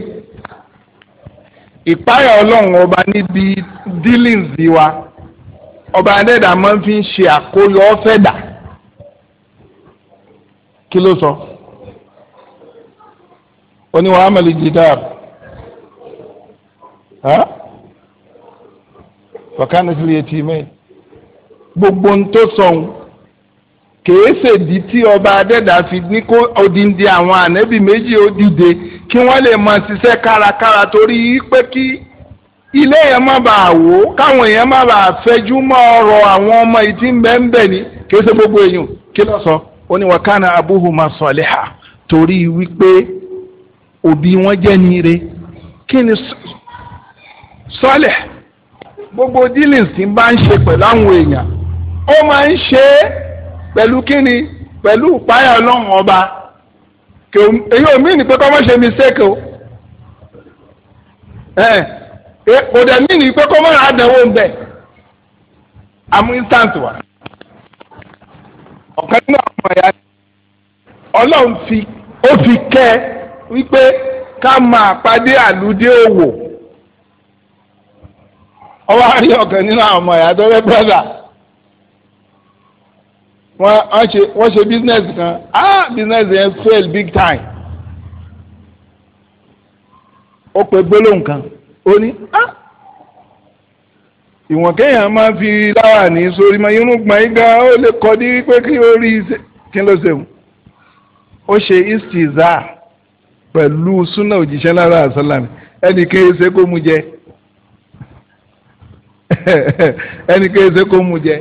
ìpáyà ọlọ́run ọba níbi dílìǹsì wa ọba adẹ́dà máa fi ṣe àkóyọ ọ́fẹ́ dà kí ló sọ. So? ó ní wàá amẹ̀lì jìdáàb wàkánà gbogbo nto kèése di ọba adẹ́dà fi ní kó odindi àwọn ànẹ́bì méjì ó dìde kí wọ́n lè máa ṣiṣẹ́ kárakára torí pé kí ilé yẹn má bàa wò ó káwọn èèyàn má bàa fẹjú mọ́ ọ̀rọ̀ àwọn ọmọ kèése gbogbo èèyàn kí ó ní abúhùmá sọ̀lẹ́hà torí òbí wọn jẹ́ ní ire kí ni sọ́lẹ̀ gbogbo dealings tí bá ń ṣe pẹ̀lú àwọn èèyàn ó máa ń ṣe é pẹ̀lú kí ni pẹ̀lú ìpáyà ọlọ́run ọba èyí ò mí ní pé kọ́ mọ́ ṣe mistake o kò dẹ̀ mí ní pé kọ́ mọ́ àdánwò ń bẹ̀ àmú instant wa ọ̀kan nínú àwọn ọmọ ẹ̀yà ọlọ́run fi ó fi kẹ́ ẹ. wípé ká máa pàdé àlùdé òwò ọwọ́ àárín ọ̀kan nínú àwọn ọmọ ìyá tó fẹ́ brọ́dà wọ́n ṣe wọ́n ṣe business kan ah business yẹn fail big time ó pe gbólóhùn kan ó ní ah ìwọ̀n kéèyàn máa fi láwà ní sórí mọ irun gbọ̀n igba ó lè kọ́ ní wípé kí ó rí kí ló ṣe ó ṣe pẹ̀lú súnà òjíṣẹ́ lára àṣàlám ẹnì kéye ṣe kó mu jẹ ẹnì kéye ṣe kó mu jẹ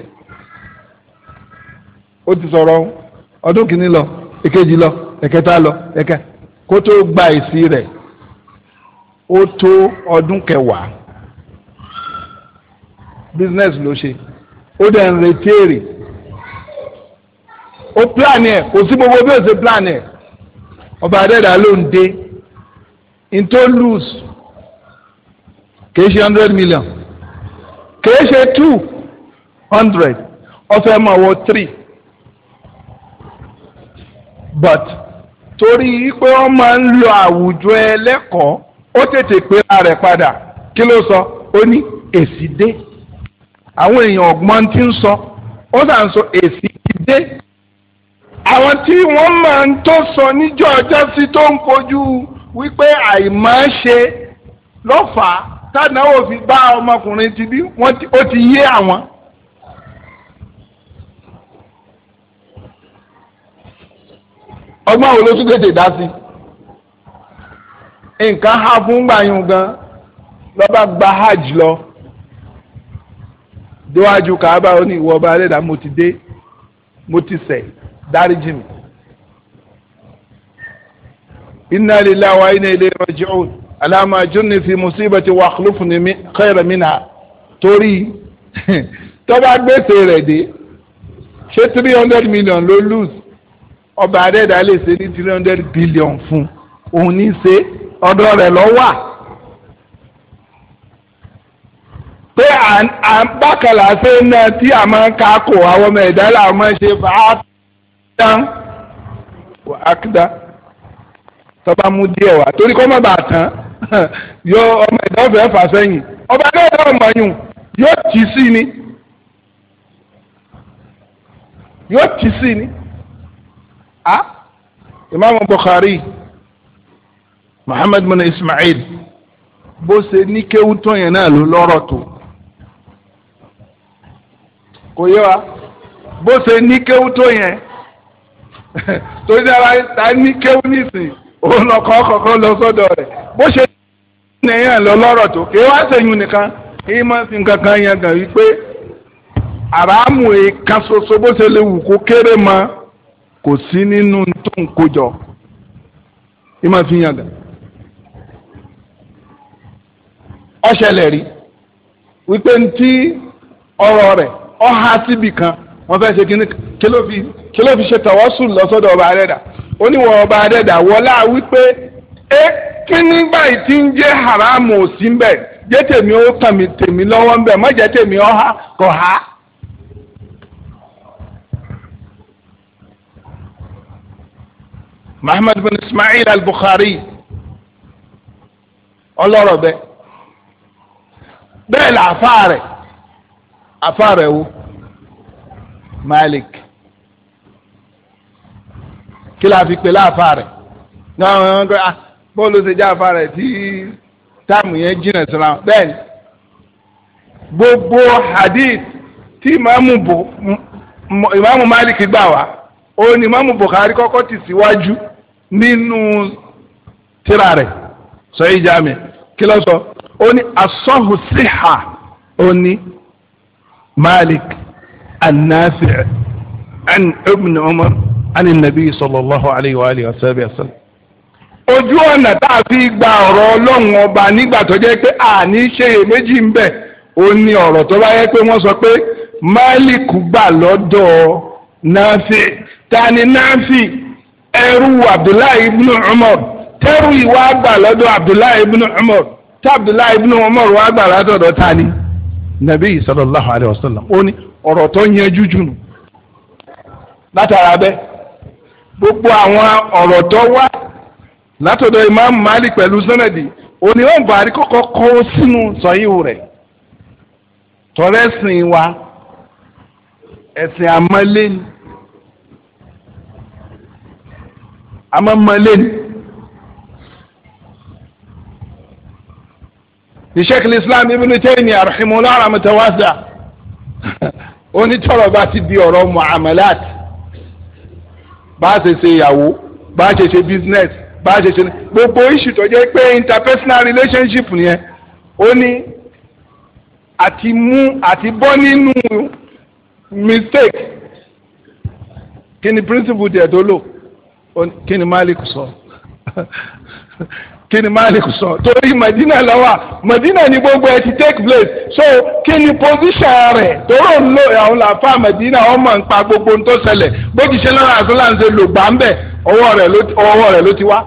ó ti sọ̀rọ̀ ọdún kìíní lọ èkejì lọ ẹ̀kẹta lọ ẹ̀kẹ kó tó gba èsì rẹ̀ ó tó ọdún kẹwàá business ló ṣe ó dẹ̀ ń retí èrè ó plan ẹ̀ kò sí gbogbo bí ó ṣe plan ẹ̀. ọba adẹ́dà ló ń dé into lose kìí ṣe hundred million kìí ṣe two hundred ọfẹ máa wọ three but torí pé wọ́n máa ń lo àwùjọ ẹlẹ́kọ̀ọ́ ó tètè péra rẹ̀ padà kí ló sọ ó ní èsì dé àwọn èèyàn ọ̀gbọ́n ti ń sọ ó sà sọ èsì ti dé àwọn tí wọ́n máa ń tó sọ níjọ́ ọjọ́ sí tó ń fojú wípé àìmọ̀ọ́ṣe lọ́fàá tádàáwò fi bá ọmọkùnrin ti bí ó ti yé àwọn. ọgbọ́n wo ló tún tètè dá sí i nǹkan há fún gbàyàn gan lọ́ba gba hajj lọ déwájú kàábà ó ní ìwọ ọba alẹ́dàá mo ti dé mo ti sẹ̀ dáríjì mi inna lillahi wa inna ilayhi raji'un alama junni fi musibati wa akhlufni khayra minha torí tọ́ba gbèsè rẹ̀ dé ṣé three hundred million ló lose ọba adẹ́dàá lè ṣe ní three hundred billion fún òun ní ṣe ọ̀dọ̀ rẹ̀ lọ wà. pé à ń bákàlà ṣe ń ná tí a máa ń kakò àwọn ọmọ ẹ̀dá máa ń ṣe fàá dán wà á kí dá tọ́ba mú díẹ̀ wá torí kọ́ mọ̀ bá tán yọ ọmọ ẹ̀dá ọ̀fẹ́ fà sẹ́yìn ọba náà yọ ọmọ yùn yóò tì sí ni yóò tì sí ni a imaamu Bukhari Muhammad bin Ismail bó ṣe ní kéwú tó yẹn náà ló lọ́rọ̀ tó kò yé wa bó ṣe ní kéwú tó yẹn torí dára ta ní kéwú nísìn òun lọkọ kọ́kọ́ lọ sọ́dọ̀ rẹ̀ bó ṣe nìyẹn lọ lọ́rọ̀ tó kí wá sẹ́yìn nìkan kí má sí nǹkan kan yẹn gàn wípé àràmù ìkan ṣoṣo bó ṣe lè wù kó kéré ma kò sí nínú tó ń kí má fi yàn kí ló fi ṣe tawassul lọ́sọ́dọ̀ ọba adẹ́dà ó ní wọ ọba adẹ́dà wọlá wípé ẹ kí ní báyìí ti ń jẹ́ haramu òsì ń bẹ̀ jẹ́ tèmi ó kàn mí tèmi lọ́wọ́ ń bẹ̀ má jẹ́ tèmi ó há kò há. Muhammad bin Ismail al-Bukhari ọlọ́rọ̀ bẹ́ẹ̀ bẹ́ẹ̀ là àfáà rẹ̀ wo Malik kí la fi pè láàfà rẹ̀ náà wọn gbé ah bọ́ọ̀lù ṣe jẹ́ àfà rẹ̀ tí táàmù yẹn jìnnà síra bẹ́ẹ̀ gbogbo hadith tí ìmáàmù bò ìmáàmù Malik gbà wá òun ìmáàmù Bukhari kọ́kọ́ ti síwájú nínú tírà rẹ̀ sọ yìí jáàmì kí ló sọ ó ní asọ́hù síhà ó ní Malik an-Nafi' an ani nabi sallallahu alayhi wa alihi wa sallam. ojú ọ̀nà tá a fi gba ọ̀rọ̀ ọlọ́run ọba nígbà tó jẹ́ pé àní ṣeyèméjì ń bẹ̀ ó ní ọ̀rọ̀ tó bá yẹ pé wọ́n sọ pé gbà lọ́dọ̀ ẹrú abdullahi ibn umar tẹrù ìwà gbà lọ́dọ̀ abdullahi ibn umar tí abdullahi ibn umar wà gbà látọ̀dọ̀ ta ni nabi sallallahu wa sallam ó ní ọ̀rọ̀ tó jújù gbogbo àwọn ọ̀rọ̀ tó wá látọ̀dọ̀ imam malik pẹ̀lú sẹ́nẹ̀dì òní wọn buhari kọ́kọ́ kọ́ sínú sọ́yìnwó rẹ̀ tọ́lẹ́sìn wa ẹ̀sìn àmọ́lẹ́ni àmọ́mọ́lẹ́ni ni sheikh islam ibn taymiyyah rahimahullah rahmatan wasi'a onítọ̀rọ̀ bá ti di ọ̀rọ̀ muamalat bá a ṣe ṣe ìyàwó bá a ṣe ṣe business bá a ṣe ṣe gbogbo issue tó jẹ́ pé interpersonal relationship yẹn ó ní àti mú àti bọ́ nínú mistake kí ni principle dẹ̀ tó lò kí ni Malik sọ kí ni Malik sọ torí Madina lọ́wọ́ Madina ni gbogbo ẹ ti take place so kí ni position rẹ̀ tóró ń lo àwọn làfa Madina wọ́n mọ̀ ń pa gbogbo ń tó ṣẹlẹ̀ bójì ṣe lọ́wọ́ àti láǹṣe lò gbà ń bẹ̀ ọwọ́ rẹ̀ ló ti wá.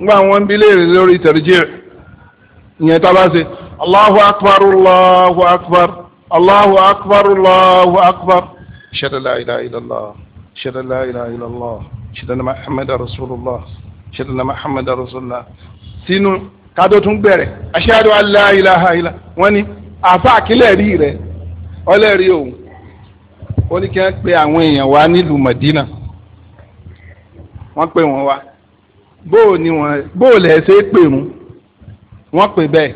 nígbà wọn ń bi léèrè lórí tẹ̀rẹ̀jẹ̀ ìyẹn tá a bá ṣe Allahu akbar Allahu akbar Allahu akbar Allahu akbar ṣẹlẹ̀ la ilaha illallah ṣẹlẹ̀ la ilaha illallah ṣètọ́nà Muhammad rasulullah ṣètọ́nà Muhammad rasulullah sínú kádó tún bẹ̀rẹ̀ aṣáájú aláìláhàílá wọ́n ní àfa àkílẹ̀ rí rẹ̀ ọlẹ́rìí òun ó ní kí wọ́n pe àwọn èèyàn wá nílùú Madina wọ́n pè wọ́n wá bóò ni wọ́n bóò lẹ̀ ṣe é pè wọ́n wọ́n pè bẹ́ẹ̀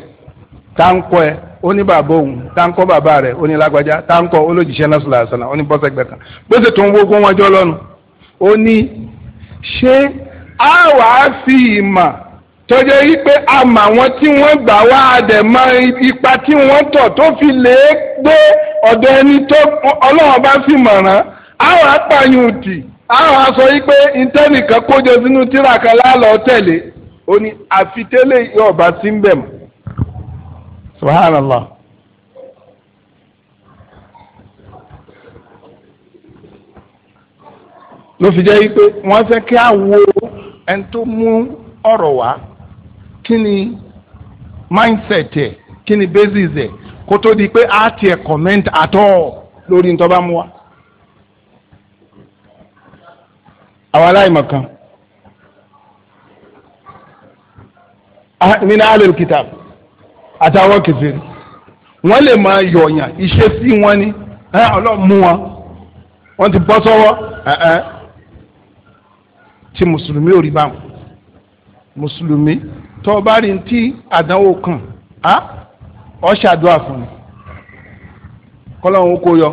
táǹkọ́ ẹ ó ní bàbá òun táǹkọ́ bàbá rẹ̀ ó ní lágbájá táǹkọ́ olójìṣẹ́ náà sọ̀rọ̀ àṣàlà ó ní bọ́sẹ̀gbẹ̀ kan bó tó ń wógún wọn jọ lọ́nu ó ní ṣé a wàá fi ìmọ̀ tọjọ yí pé a mọ̀ àwọn tí wọ́n gbà wá mọ ipa tí wọ́n tọ̀ tó fi lè gbé ọ̀dọ̀ ẹni tó bá fi mọ̀ràn a wàá pààyàn òtì a wàá sọ yí pé ìtẹ́nìkan kan lálọ́ tẹ̀lé ó ní àfitélé yóò sí ń bẹ̀ mọ́ subhanallah. ló fi jẹ́ wípé wọ́n fẹ́ kí a ẹni tó mú ọ̀rọ̀ wá kí ni mindset ẹ̀ kí ni basis ẹ̀ kó tó di pé a tiẹ̀ comment at all lórí ní tó bá mú wa. àwa aláìmọ̀ kan ah, nínú alẹ́ kìtàb àtàwọn kìfìrì wọ́n lè máa yọ̀ọ̀yàn ìṣesí wọn ni ah, ọlọ́run wọn wọ́n ti bọ́ sọ́wọ́ eh, eh tí mùsùlùmí ò rí bá wọn mùsùlùmí tó o bá rí ní tí àdánwò kàn á ọ ṣàdúrà fún mi kọlọ́run kò yọ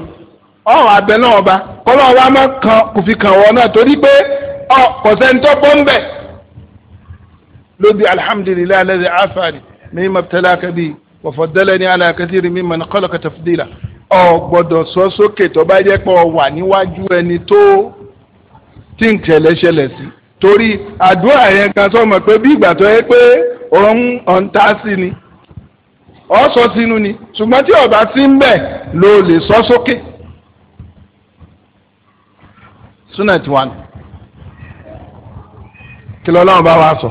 ọ̀rọ̀ abẹ náà ọba kọlọ́run wa máa kan kò fi kàn wọ́n náà torí pé ọ kò sẹ́ni tó bọ́ ń bẹ̀ lóbi alhamdulilayi alẹ́ afaani mi ma tẹ́lẹ̀ akabi wọ̀fọ̀dẹ́lẹ́ni alákatìrì mi ma kọ́lọ́kà tafdila ọ gbọ́dọ̀ sọ tó bá jẹ́ pé wà níwájú ẹni tó tí nǹkan ẹlẹ́ṣẹlẹ̀ sí torí àdúrà yẹn kan sọ mọ̀ pé bí ìgbà tó yẹ pé òun ọ̀ǹta sí ni ọ sọ sínú ni ṣùgbọ́n tí ọba sí ń bẹ̀ ló lè sọ sókè. súnà tiwa ni kí lọ́lọ́run bá wa sọ.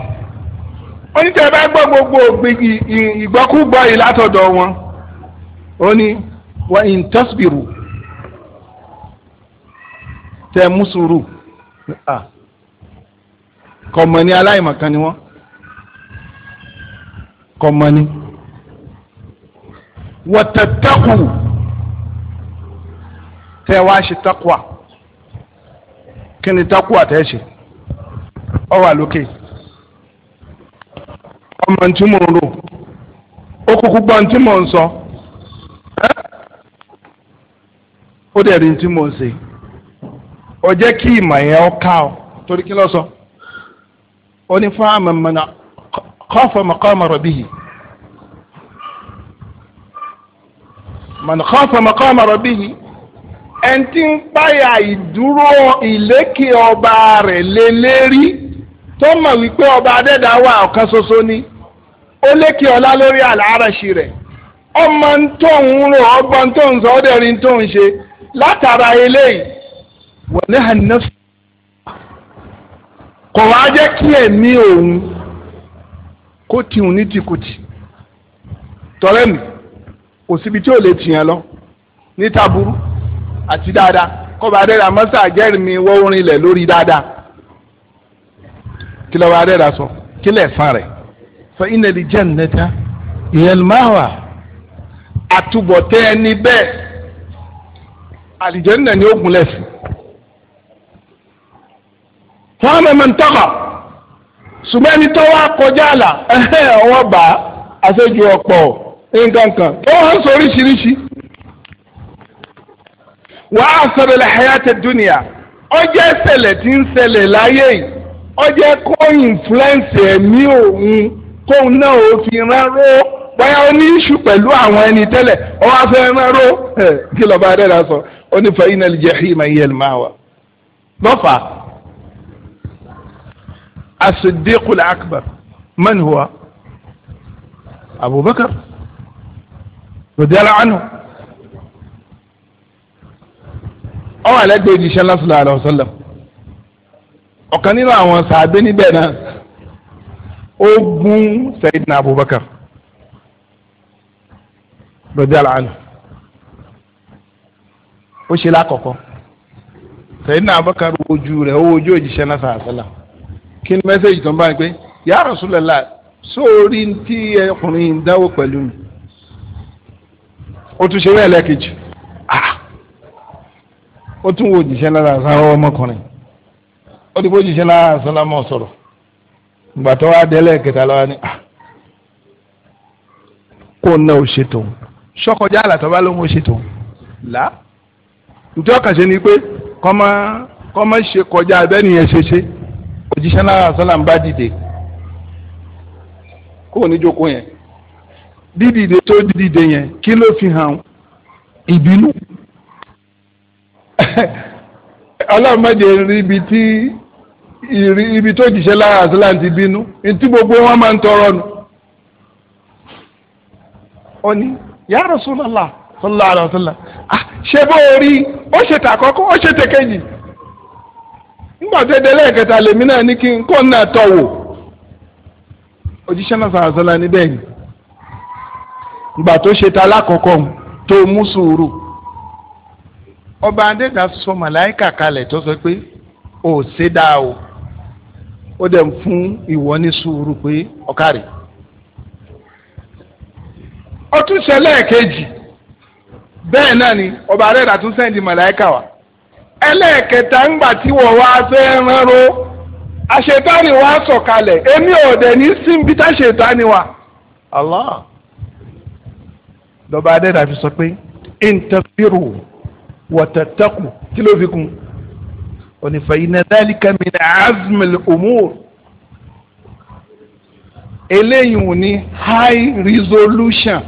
ó ní bá gbọ́ gbogbo ìgbọ́kúgbọ́ yìí látọ̀dọ̀ wọn ó ní wọ́n ń tasbiru tẹ́ mú Ah. kọ̀mọ̀ ni aláìmọ̀kan ni wọ́n kọ̀mọ̀ ni wọ́tẹ̀tẹ̀kù tẹ́ wá ṣe tẹ́kùà kí ni tẹ́kùà tẹ́ ṣe ọ wà lókè ọmọ tí mò ń rò ó kúkú gbọ́ tí mò ń sọ ó dẹ̀ rí tí mò ń ṣe. ó jẹ́ kí ìmọ̀ yẹn ó ká ọ torí kí ló sọ mana ní fún àmọ́ mọ́nà kọ́fọ́ maqama rabbihi mọ́nà kọ́fọ́ maqama rabbihi ẹni tí ń páyà ìdúró ìlékè ọba rẹ̀ lé lérí tó mọ̀ wípé ọba adẹ́dá wà ọ̀kan ṣoṣo ni ó lékè ọlá lórí àlàáràṣì rẹ̀ ọmọ ntòun rò ọgbọ́n ntòun sọ ọ́ dẹ̀rin ntòun ṣe látara eléyìí wọ̀nẹ́ hànẹ́fù kò wá jẹ́ kí ẹ̀mí òun kó tiun ní tìkùtì tọ́lẹ́ mi kò síbi tí ò lè tìyàn lọ ní taburú àti dáadáa kọ́ba adẹ́rẹ́ amọ́sá àjẹ́rìmí wọ́n orin ilẹ̀ lórí dáadáa kí lọ́ba adẹ́rẹ́ sọ kí lẹ́sàn rẹ̀ fa iná di jẹ́ nẹ́ta ìyẹlmáwà àtúbọ̀tẹ́ ẹni bẹ́ẹ̀ àlìjẹ́ nìyẹn ni ó gúnlẹ̀ sí wọn mẹ́mẹ́ ń tọ́kọ̀ ṣùgbọ́n ẹni tó wá kọjá àlà ọwọ́ bá àṣejù ọ̀pọ̀ nǹkan kan ó wọ́n sọ oríṣiríṣi. wà á sọ̀rọ̀ lẹ́ hayat dunia ọjọ́ ìṣẹ̀lẹ̀ tí ń ṣẹlẹ̀ láyé yìí ọjọ́ kó influence ẹ̀mí òun kóun náà ó fi rán ró bóyá ó ní iṣu pẹ̀lú àwọn ẹni tẹ́lẹ̀ ó wá rán ró kí lọ́ba adẹ́rẹ́ sọ ó ní fa iná lè jẹ́ hí ma máa wà lọ́fàá. الصديق الأكبر من هو أبو بكر رضي الله عنه أو على ديدي صلى الله عليه وسلم ọ̀kan nínú àwọn sàbẹ níbẹ̀ náà ó gún Sayyidina Abubakar radiyallahu anhu ó ṣe lákọ̀ọ́kọ́ Sayyidina Abubakar ojú rẹ̀ ó wojú òjíṣẹ́ náà sàásálà. kí ni mẹ́sẹ̀jì tó ń bá ń pé ya Rasulullah sóòrí tí ọkùnrin ń dáwọ́ mi tún ṣe ah! tún wo òjìṣẹ́ lára sáwọ́ ọmọkùnrin ó ti bó òjìṣẹ́ lára sálámọ̀ sọ̀rọ̀ ìgbà tó wá kẹta lọ́wọ́ ni kó ná o ṣètò ṣọkọjá àlàtọ̀ bá lóun ó ṣètò là ni pé kọ́mọ ṣe kọjá òjíṣẹ́ náírà sọ́là ń bá dìde kó níjókòó yẹn dídìde tó dídìde yẹn kí ló fi hàn ìbínú ọlọ́mọdé rí ibi tí ibi tó jíṣẹ́ lára àtúlá ti bínú ntí gbogbo wọn máa ń tọrọ nù. ó ní ya Rasulullah sallallahu alaihi ah, ṣé bó o rí ó ṣètò àkọ́kọ́ ó ṣètò kejì nígbà tó dé lẹ́ẹ̀kẹta lèmi náà ní kí n kó náà tọ̀ wò òjíṣẹ́ náà sàrásọ́lá níbẹ̀ yìí nígbà tó ṣe ta alákọ̀ọ́kọ́ tó mú sùúrù ọba adéga sọ màláìkà kalẹ̀ tó sọ pé ò ṣe dáa o ó dẹ̀ ń fún ìwọ ní sùúrù pé ọ̀kárì ó tún ṣe bẹ́ẹ̀ náà ni ọba adéga tún sẹ́ndì màláìkà wá ẹlẹ́ẹ̀kẹta ńgbà tí wọ́n wá fẹ́ ránró àṣetánì wa sọ̀kalẹ̀ èmi ò dẹ̀ ní síbi tá ṣetánì wa. Allah lọ́ba adẹ́dà fi sọ pé intafiru wọ̀tẹ̀tẹ̀kù kí ló fi kún onífẹ̀ iná dálíkà min azmil umur eléyìí wò ní high resolution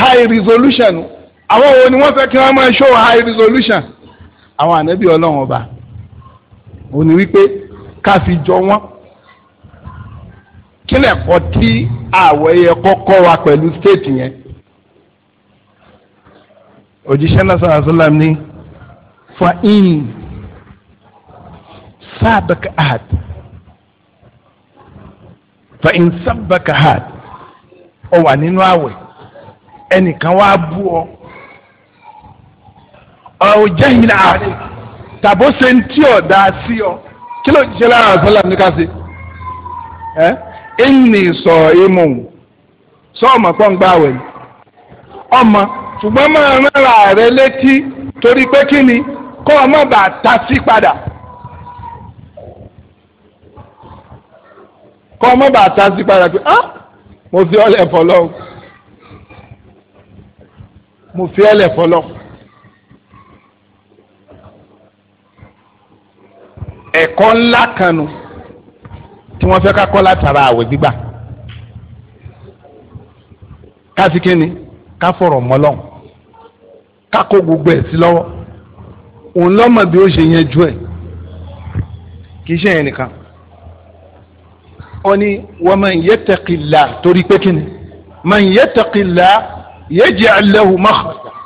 high resolution àwọn wo ni wọ́n fẹ́ kí wọ́n máa show high resolution àwọn ànábì ọlọ́run ọba ò ní wípé ká fi jọ wọ́n kí lẹ́kọ̀ọ́ tí àwọ̀ ẹ̀yẹ kọ́kọ́ wa pẹ̀lú stéètì yẹn òjíṣẹ́ náà sọ̀rọ̀ sọ́làm ní fa in sábàkà ahad fa in sábàkà ahad ọ wà nínú àwẹ̀ ẹnìkan wá bú ọ ọ̀ jẹ́hìn àárẹ̀ tàbó ṣe ń tí ọ̀ dáa sí ọ kí ló jẹ́ lára àṣọlá ní ká ṣe ẹ́ ẹ̀yìn sọ ìmọ̀ sọ ọmọ pọ́n gbá wẹ̀ ọmọ ṣùgbọ́n máa rárá rẹ létí torí pé kí ni kó ọmọ bá ta sí padà. kọ́ ọmọ bá ta sí padà pé ah mo fi ọ́ lẹ̀ mo fi ọ́ lẹ̀ ẹ̀kọ́ ńlá kan nu tí wọ́n fẹ́ ká kọ́ látara àwẹ̀ gbígbà kásìkínni ká fọ̀rọ̀ mọ́lọ́n ká kó gbogbo ẹ̀ sí lọ́wọ́ òun lọ́mọ bí ó ṣe yanjú ẹ̀ kì í ṣe yẹn nìkan ó ní wa man yattaqillah torí pé kínni man yattaqillah yaj'al lahu makhraja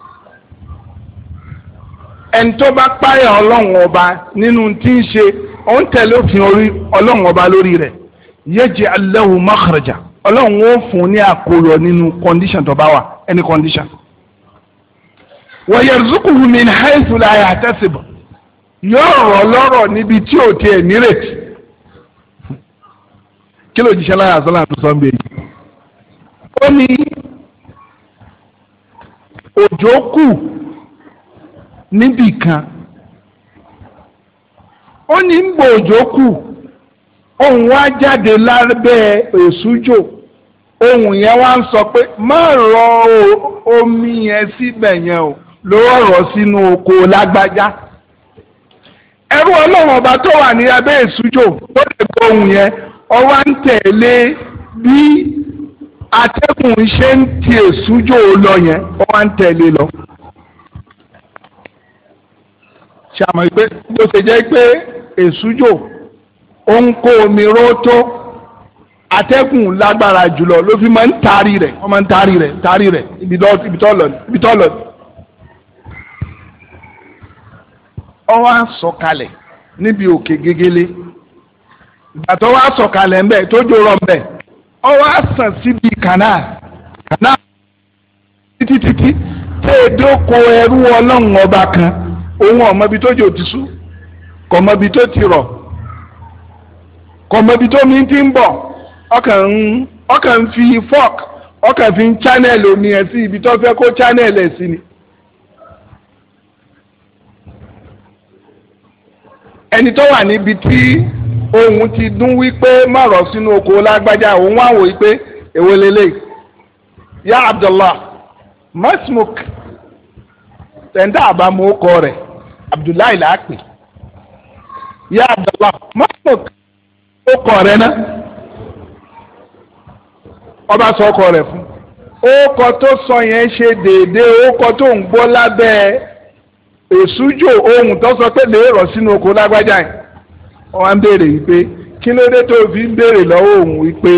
ẹni tó bá páyà ọlọ́run ọba nínú tí ń ṣe ó ń tẹ̀lé òfin orí ọlọ́run ọba lórí rẹ̀ yaj'al lahu makhraja ọlọ́run ó fún ní àkóyọ nínú condition tó bá wà any condition. wa yarzuquhu min haythu la yahtasib yóò rọ̀ lọ́rọ̀ níbi tí ò tiẹ̀ nírètí kí ló jíṣẹ́ láyà sọ́lá tó sọ́ńbẹ̀ yìí. ó ní òjò kù níbì kan ó ní ń gbòòjò kù òun wá jáde lábẹ́ òsújò ohun yẹn wá ń sọ pé má rọ omi yẹn síbẹ̀ yẹn o ló rọ̀ sínú oko lágbájá ẹrú ọlọ́run ọba tó wà ní abẹ́ èsújò tó lè gbọ́ ohun yẹn ń tẹ̀lé ti lọ yẹn ń lọ. ṣàmọ̀ pé bó ṣe jẹ́ pé èsújò ó ń kó omi rótó atẹ́gùn lágbára jùlọ ló fi máa ń taari rẹ̀ wọ́n máa ń taari rẹ̀ taari rẹ̀ ibi tó lọ ibi tó lọ. ó wá sọ̀kalẹ̀ níbi òkè gegele ìgbà tó wá sọ̀kalẹ̀ ń bẹ̀ tó jòrò ń bẹ̀ ó wá sàn síbi kànáà kànáà títí títí tẹ́ ẹrú ọlọ́run ọba kan. òun ọ̀mọbi tó jò ti sú kọ̀mọbi tó ti rọ̀ kọ̀mọbi tó mi ti ń bọ̀ ọkàn ń ọkàn fi fork ọkàn fi ń channel omi ẹ̀ sí ibi tó fẹ́ kó chanel ẹ̀ sí ni. ẹni tó wà níbi tí ohun ti dún wípé má rọ sínú oko lágbájá òun wá wò wípé èwo lélẹ̀ ya Abdullah masmuk tẹ̀ńtà àbámu ọkọ rẹ̀ abdullahi là á pè ya abdullahi mọ́tò ó kọ̀ rẹ náà ọba sọ ọkọ rẹ fún ó kọ tó sọ yẹn ṣe déédéé ó kọ tó ń gbọ́ lábẹ́ òṣùjò ohun tó sọ pé lè rọ̀ sínú oko lágbájá yìí wọ́n á ń béèrè wípé kí ló dé tó fi ń béèrè lọ́wọ́ òun wípé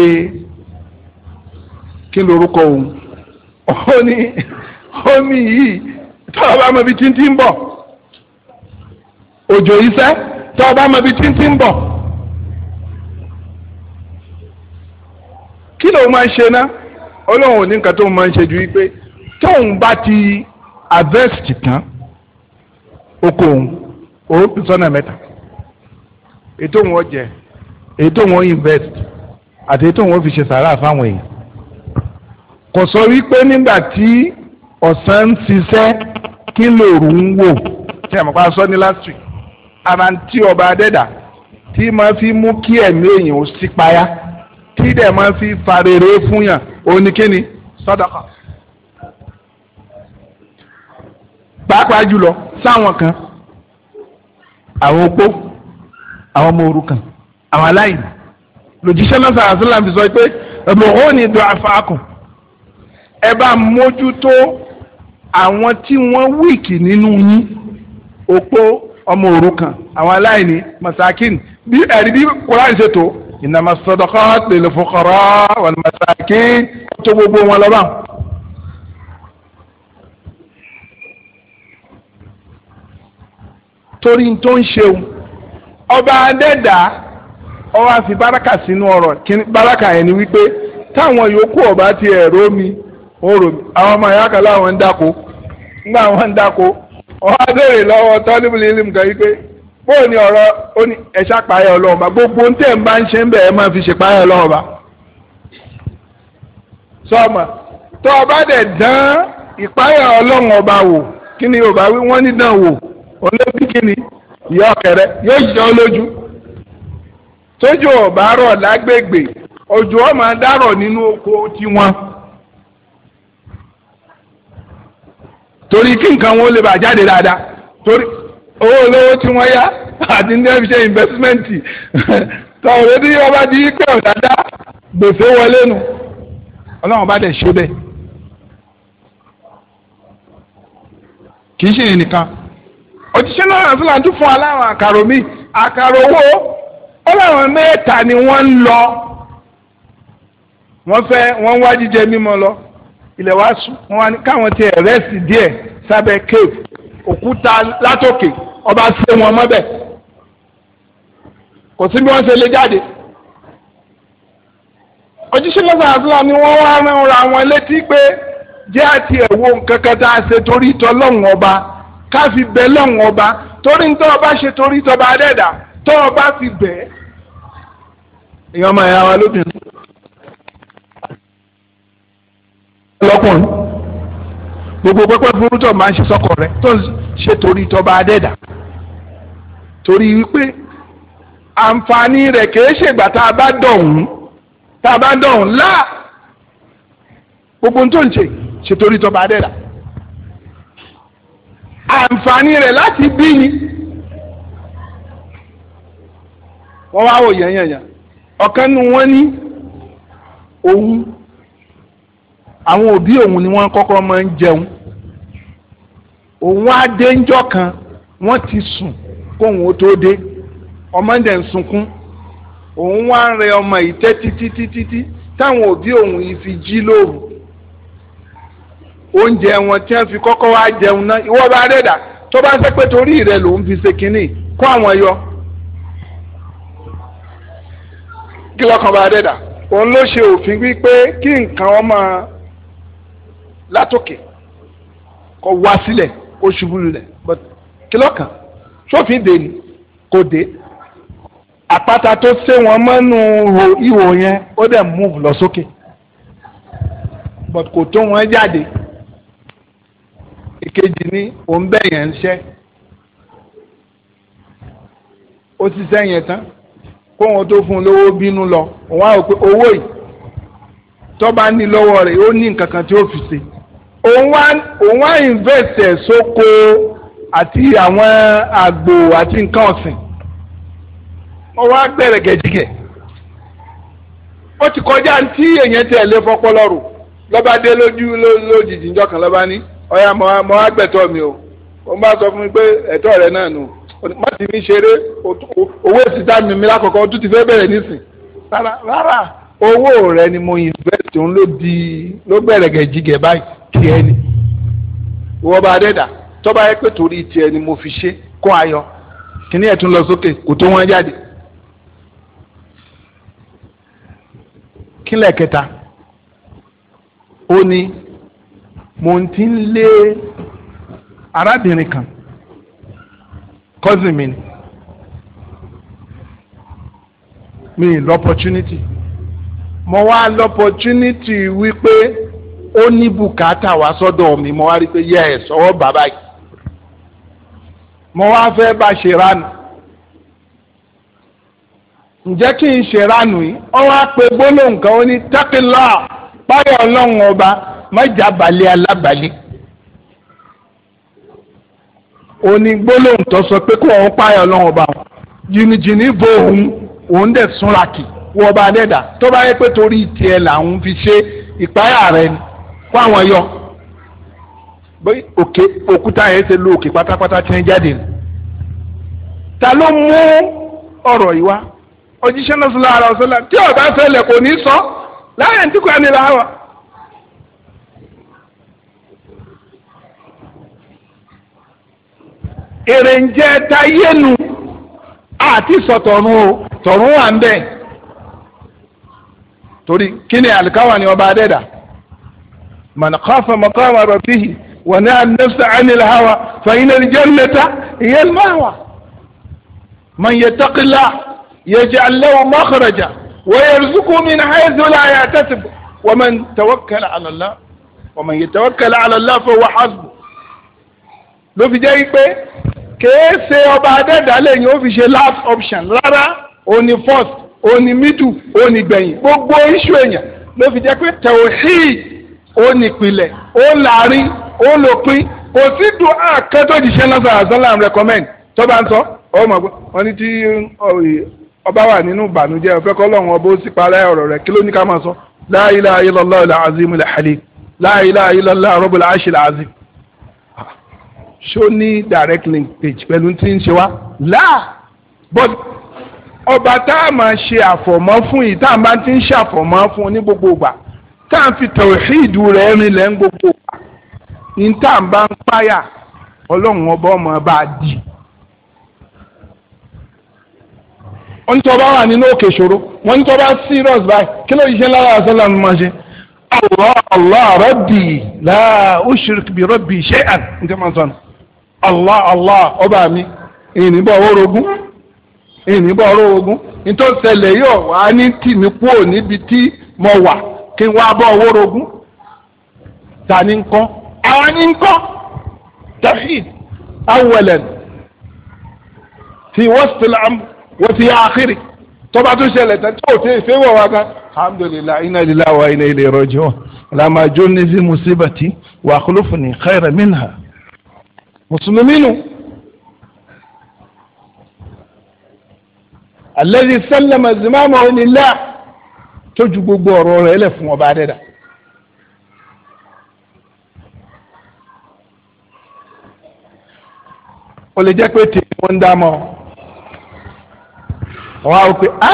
kí lorúkọ òun ó ní ó ní yìí tọ́ ọ bá mọ tí ń tí ń bọ̀. òjò iṣẹ́ tí ọba bá mọ ibi tí ń bọ̀. kí ló máa ń ṣe ná Ọlọ́run ò ní nǹkan tó máa ń ṣe ju wípé ń bá ti tán oko òun mẹ́ta ètò òun ọjẹ ètò òun invest àti ètò òun fi ṣe sàrà fáwọn èèyàn kò sọ wípé nígbà tí ọ̀sán ń ṣiṣẹ́ kí ń wò tí sọ ní ara tí ọba adẹ́dà tí máa fi mú kí ẹ̀mí èèyàn ó sí payá tí dẹ̀ máa fi farere fún yàn oníkíni sàdákà. pàápàá jùlọ sáwọn kan àwọn opó àwọn ọmọ òrukàn àwọn aláìní lòjíṣẹ́ náà sàrásílà fi sọ pé ẹ̀bùrọ̀ ní ìdọ̀ àfàkùn ẹ bá mójútó àwọn tí wọ́n wíìkì nínú yín opó ọmọ kan àwọn aláìní masakin bí ẹ̀rí bí Quran ṣe tó innama sadaqat masakin tó gbogbo wọn lọ́ba. torí ọba adẹ́dà ọwọ́ fi baraka sínú ọ̀rọ̀ báràkà yẹn ni wípé táwọn yòókù ọba ti ẹ̀rọ mi ọ̀rọ̀ àwọn ọmọ ìyá láwọn ń ọ̀há béèrè lọ́wọ́ tọ́lúbùlì ilé nǹkan yìí pé bóò ni ọ̀rọ̀ ó ní ẹ̀ṣá payọ̀ ọlọ́run bá gbogbo ohun tẹ̀ ń bá ń ṣe ń bẹ̀ ẹ́ máa fi ṣe payọ̀ ọlọ́run bá. sọ́ọ̀mà tó o bá dẹ̀ dán ìpayọ̀ ọlọ́run ọba wò kí ni yorùbá wí wọ́n ní dán wò olóbi kí ni ìyá ọ̀kẹ́rẹ́ yóò ṣiṣẹ́ olójú tójú ọ̀bá lágbègbè òjò ọ̀ máa dárọ̀ nínú oko tiwọn. torí kí nǹkan wọn ó lè bà jáde dáadáa torí owó olówó tí wọ́n yá àti ní ẹbí ṣe ìnvẹ́símẹ́ǹtì táwọn èdè yìí wọ́n bá di pé ọ̀dàdá gbèsè wọlé nu ọlọ́run bá dẹ̀ ṣe bẹ́ẹ̀ kì í ṣe nìkan òjíṣẹ́ náà àti làǹtú fún aláwọn àkàrò mi àkàrò owó ọlọ́run mẹ́ta ni wọ́n ń lọ wọ́n fẹ́ wọ́n wá jíjẹ mímọ́ lọ ilẹ̀ wá sùn wọn wá ní káwọn ti rẹ́sì díẹ̀ sábẹ́ cave òkúta látòkè ọba ṣe wọn mọ́bẹ̀ kò sí bí wọ́n ṣe lè jáde òjíṣẹ́ lọ́sàn àdúrà ni wọ́n wá ra wọn létí pé jẹ́ àti ẹ̀wọ̀ nǹkan kan tá a ṣe torí tọ́lọ́hún ọba ká fi bẹ́ lọ́hún ọba torí nítorí ọba ṣe torí tọba adẹ́dà tọ́ ọba fi bẹ́ èèyàn máa yá wa lóbìnrin lọ́kùnrin gbogbo pẹ́pẹ́ burú tó máa ń ṣe sọ́kọ rẹ̀ tó ń ṣe torí tọba adẹ́dà torí wípé àǹfààní rẹ̀ kìí ṣègbà tá a bá dọ̀hún tá a bá dọ̀hún láà gbogbo tó ń ṣe ṣe torí tọba adẹ́dà àǹfààní rẹ̀ láti bí ni wọ́n wá wò yẹ̀yẹ̀yẹ̀ ọ̀kan nu wọ́n ní òun àwọn òbí òun ni wọ́n kọ́kọ́ máa ń jẹun òun á dé ńjọ́ kan wọ́n ti sùn kóun ó tó dé ọmọ ń dẹ̀ ń sunkún òun wá ń rẹ ọmọ yìí tẹ́ títí títí tí táwọn òbí òun yìí fi jí lóru oúnjẹ wọn tí wọ́n fi kọ́kọ́ wá jẹun náà ìwọ bá rẹ̀dà tó bá sẹ́ pé torí rẹ̀ lòun fi ṣe kínní kó àwọn yọ kí lọ́kàn bá rẹ̀dà òun ló ṣe òfin wípé kí nǹkan ọmọ látòkè kó wá sílẹ̀ kó ṣubú lulẹ̀ but kìlọ̀kan sófin dè ní kò dé àpáta tó sé wọn mọ́nú ihò yẹn ó dẹ̀ move lọ sókè but kò tó wọn jáde èkejì ní òun bẹ́ẹ̀ yẹn ń ṣẹ́ ó ti sẹ́yìn tán kó wọn tó fún un lówó bínú lọ òun á rò pé owó yìí tó ní lọ́wọ́ rẹ̀ ó ní nǹkan kan tí ó fi ṣe òun wá òun wá invest ẹ̀ sóko àti àwọn àgbò àti nǹkan ọ̀sìn mo wá bẹ̀rẹ̀ gẹ̀dígẹ̀ ó ti kọjá tí èèyàn tẹ̀ lé fọpọlọ rò lọ́ba dé lójú lójijì níjọ́ kan lọ́ba ní ọ̀ya mo wá gbẹ̀tọ́ mi o òun bá sọ fún mi pé ẹ̀tọ́ rẹ̀ náà nù má ti mi ṣeré owó ìsìta mi mi lákọ̀ọ́kọ́ o ti fẹ́ bẹ̀rẹ̀ nísìn rárá rárá owó rẹ ni mo invest òun ló di ló bẹ̀rẹ̀ gẹ̀dígẹ̀ báyìí tiẹ̀ ni ìwọ bá dẹ́dà tọ́ba yẹ pé torí tiẹ̀ ni mo fi ṣe kó ayọ̀ kíní ẹ̀ tún lọ sókè kò tó wọ́n jáde. kílẹ̀ kẹta ó ní mo ti lé arábìnrin kan cousin mi ni mi lọ́pọ̀tunity mo wá lọ́pọ̀tunity wípé ó ní bùkátà wá sọ́dọ̀ mi mo wá rí pé yes ọwọ́ bàbá yìí mo wá fẹ́ bá ṣe ránù ǹjẹ́ kí n ṣe ránù yìí ọ wá pe gbólóhùn kan ó ní tákìlá páyọ̀ ọlọ́run ọba mọ́jà balẹ̀ alábàálẹ̀ ó ní gbólóhùn tó sọ pé kó òun páyọ̀ ọlọ́run ọba òun jìnnìjìnnì bo òun òun dẹ̀ súnra kì wọ́n ọba adẹ́dà tó bá yẹ pé torí tiẹ̀ làwọn fi ṣe ìpáyà rẹ ni kó ya yọ òkè òkúta yẹn ṣe lo òkè pátápátá tí wọ́n jáde nù ta ló mú ọ̀rọ̀ yìí wá òjíṣẹ́ náà sọ̀rọ̀ tí kò ní sọ láyé ní kò ní láwà. èrèǹjẹ tayénu àti sọ̀tọ̀run o kí ni àlùkáwà ni ọba من خاف مقام ربه ونهى النفس عن الهوى فإن الجنة هي المأوى من يتق الله يجعل له مخرجا ويرزقه من حيث لا يحتسب ومن توكل على الله ومن يتوكل على الله فهو حسبه لو في jẹ́ pé kèé ṣe ọba adẹ́dàá lẹ́yìn ó fi ṣe last option rárá òní first òní middle òní gbẹ̀yìn gbogbo iṣu èèyàn ló fi ó nípìnlẹ̀ ó láàrin ó lópin kò sí dùn àkẹ́ tó lọ́sàn àzọ́làm recommend tó bá ń sọ ọ mọ̀ pé wọ́n ní tí ọba wà nínú ìbànújẹ́ ọ̀fẹ́ kọ́ lọ́run ọba ó sì parẹ́ ọ̀rọ̀ rẹ̀ kí ló ní ká máa sọ la ilaha illallah al-azim al-halim la ilaha illallah rabbul arshil azim ṣó ní direct linkage pẹ̀lú tí ń ṣe wá láà but ọba tá a máa ṣe àfọ̀mọ́ fún yìí tá a máa ti ń ṣàfọ̀mọ́ fún ní gbogbo ìgbà tá à ń fi tawhid rẹ̀ rinlẹ̀ ń gbogbo ní tá à bá ń páyà ọlọ́run ọba ọmọ bá a di. wọ́n ní tí wọ́n bá wà nínú òkè ìṣòro wọ́n ní tí wọ́n bá serious báyìí kí ló yìí lára àṣọlá mi máa ṣe. Allah Allah rabbi la ushrik bi rabbi shay'an ní tí wọ́n máa Allah Allah ọba mi èyí ní bọ̀ ogun èyí ní bọ̀ ọ̀rọ̀ ogun ní tó ṣẹlẹ̀ yóò wá ní tì mí kúrò kí n wá bọ́ owó rogún ta ni nkọ́ àwọn ni nkọ́ tafid awwalan fi wasfil amr wa fi akhiri tọba tó ṣẹlẹ̀ tán tó tẹ ìfẹ́ wọ̀ wá kan alhamdulilayi inna lillahi wa inna ilayhi raji'un lama jóni fi musibati wa akhlufni khayran minha mùsùlùmí nù. الذي سلم زمامه لله tójú gbogbo ọ̀rọ̀ rẹ̀ lẹ̀ fún ọba adẹ́dà. o lè jẹ́ pé tèmi wọ́n ń dá mọ́ ọ̀wá pé á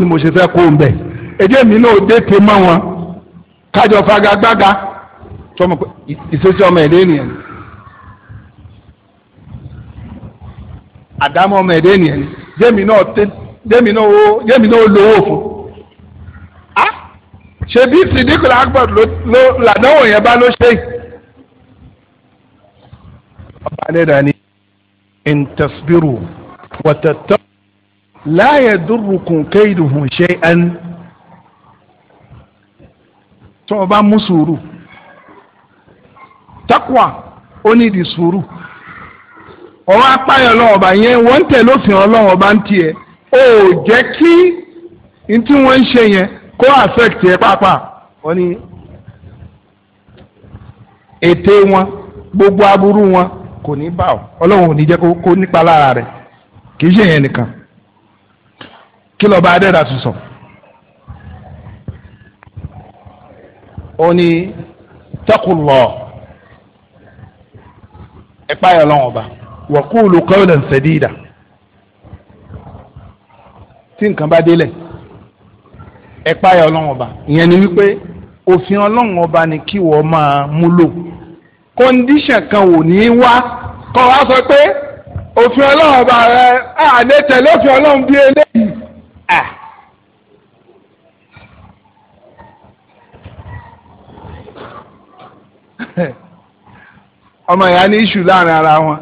ní mo ṣe fẹ́ kó ń bẹ̀ mi náà dé tè mọ́ wọn kájọ fagagbága tọmọ pé ìṣesí ọmọ ẹ̀dẹ́ ni àdámọ́ ọmọ ẹ̀dẹ́ ni jẹ́mi náà ṣebí sidikul akbar ló làdánwò yẹn bá ló ṣe ọba alẹ́dà ni in tasbiru wa tattaqu la yadurrukum kayduhum shay'an tó o bá mú sùúrù takwa ó ní di sùúrù ọ̀rọ̀ apáyọ̀ lọ́wọ́ ọba yẹn wọ́n tẹ̀ lófin ọlọ́wọ́ ọba ń tiẹ̀ ó jẹ́ kí n tí wọ́n ń ṣe yẹn kó affect ẹ pàápàá wọ́n ní ète wọn gbogbo aburú wọn kò ní bá ọ ọlọ́run ò ní jẹ́ kó nípa lára rẹ̀ kì í ṣe yẹn nìkan kí lọ́ba adẹ́dà tún sọ. ó ní taqullah ẹ páyọ̀ lọ́wọ́ ọba wa qulu qawlan sadida tí nǹkan bá délẹ̀ ẹ̀páyà ọlọ́run ọba ìyẹn ni wípé òfin ọlọ́run ọba ni kí wọ́n máa múlò kọ́ndíṣàn kan ò ní wá kọ́ wa sọ pé òfin ọlọ́run ọba rẹ àlè tẹ̀lé òfin ọlọ́run bí eléyìí à. ọmọ ìyá ní iṣu láàrin ara wọn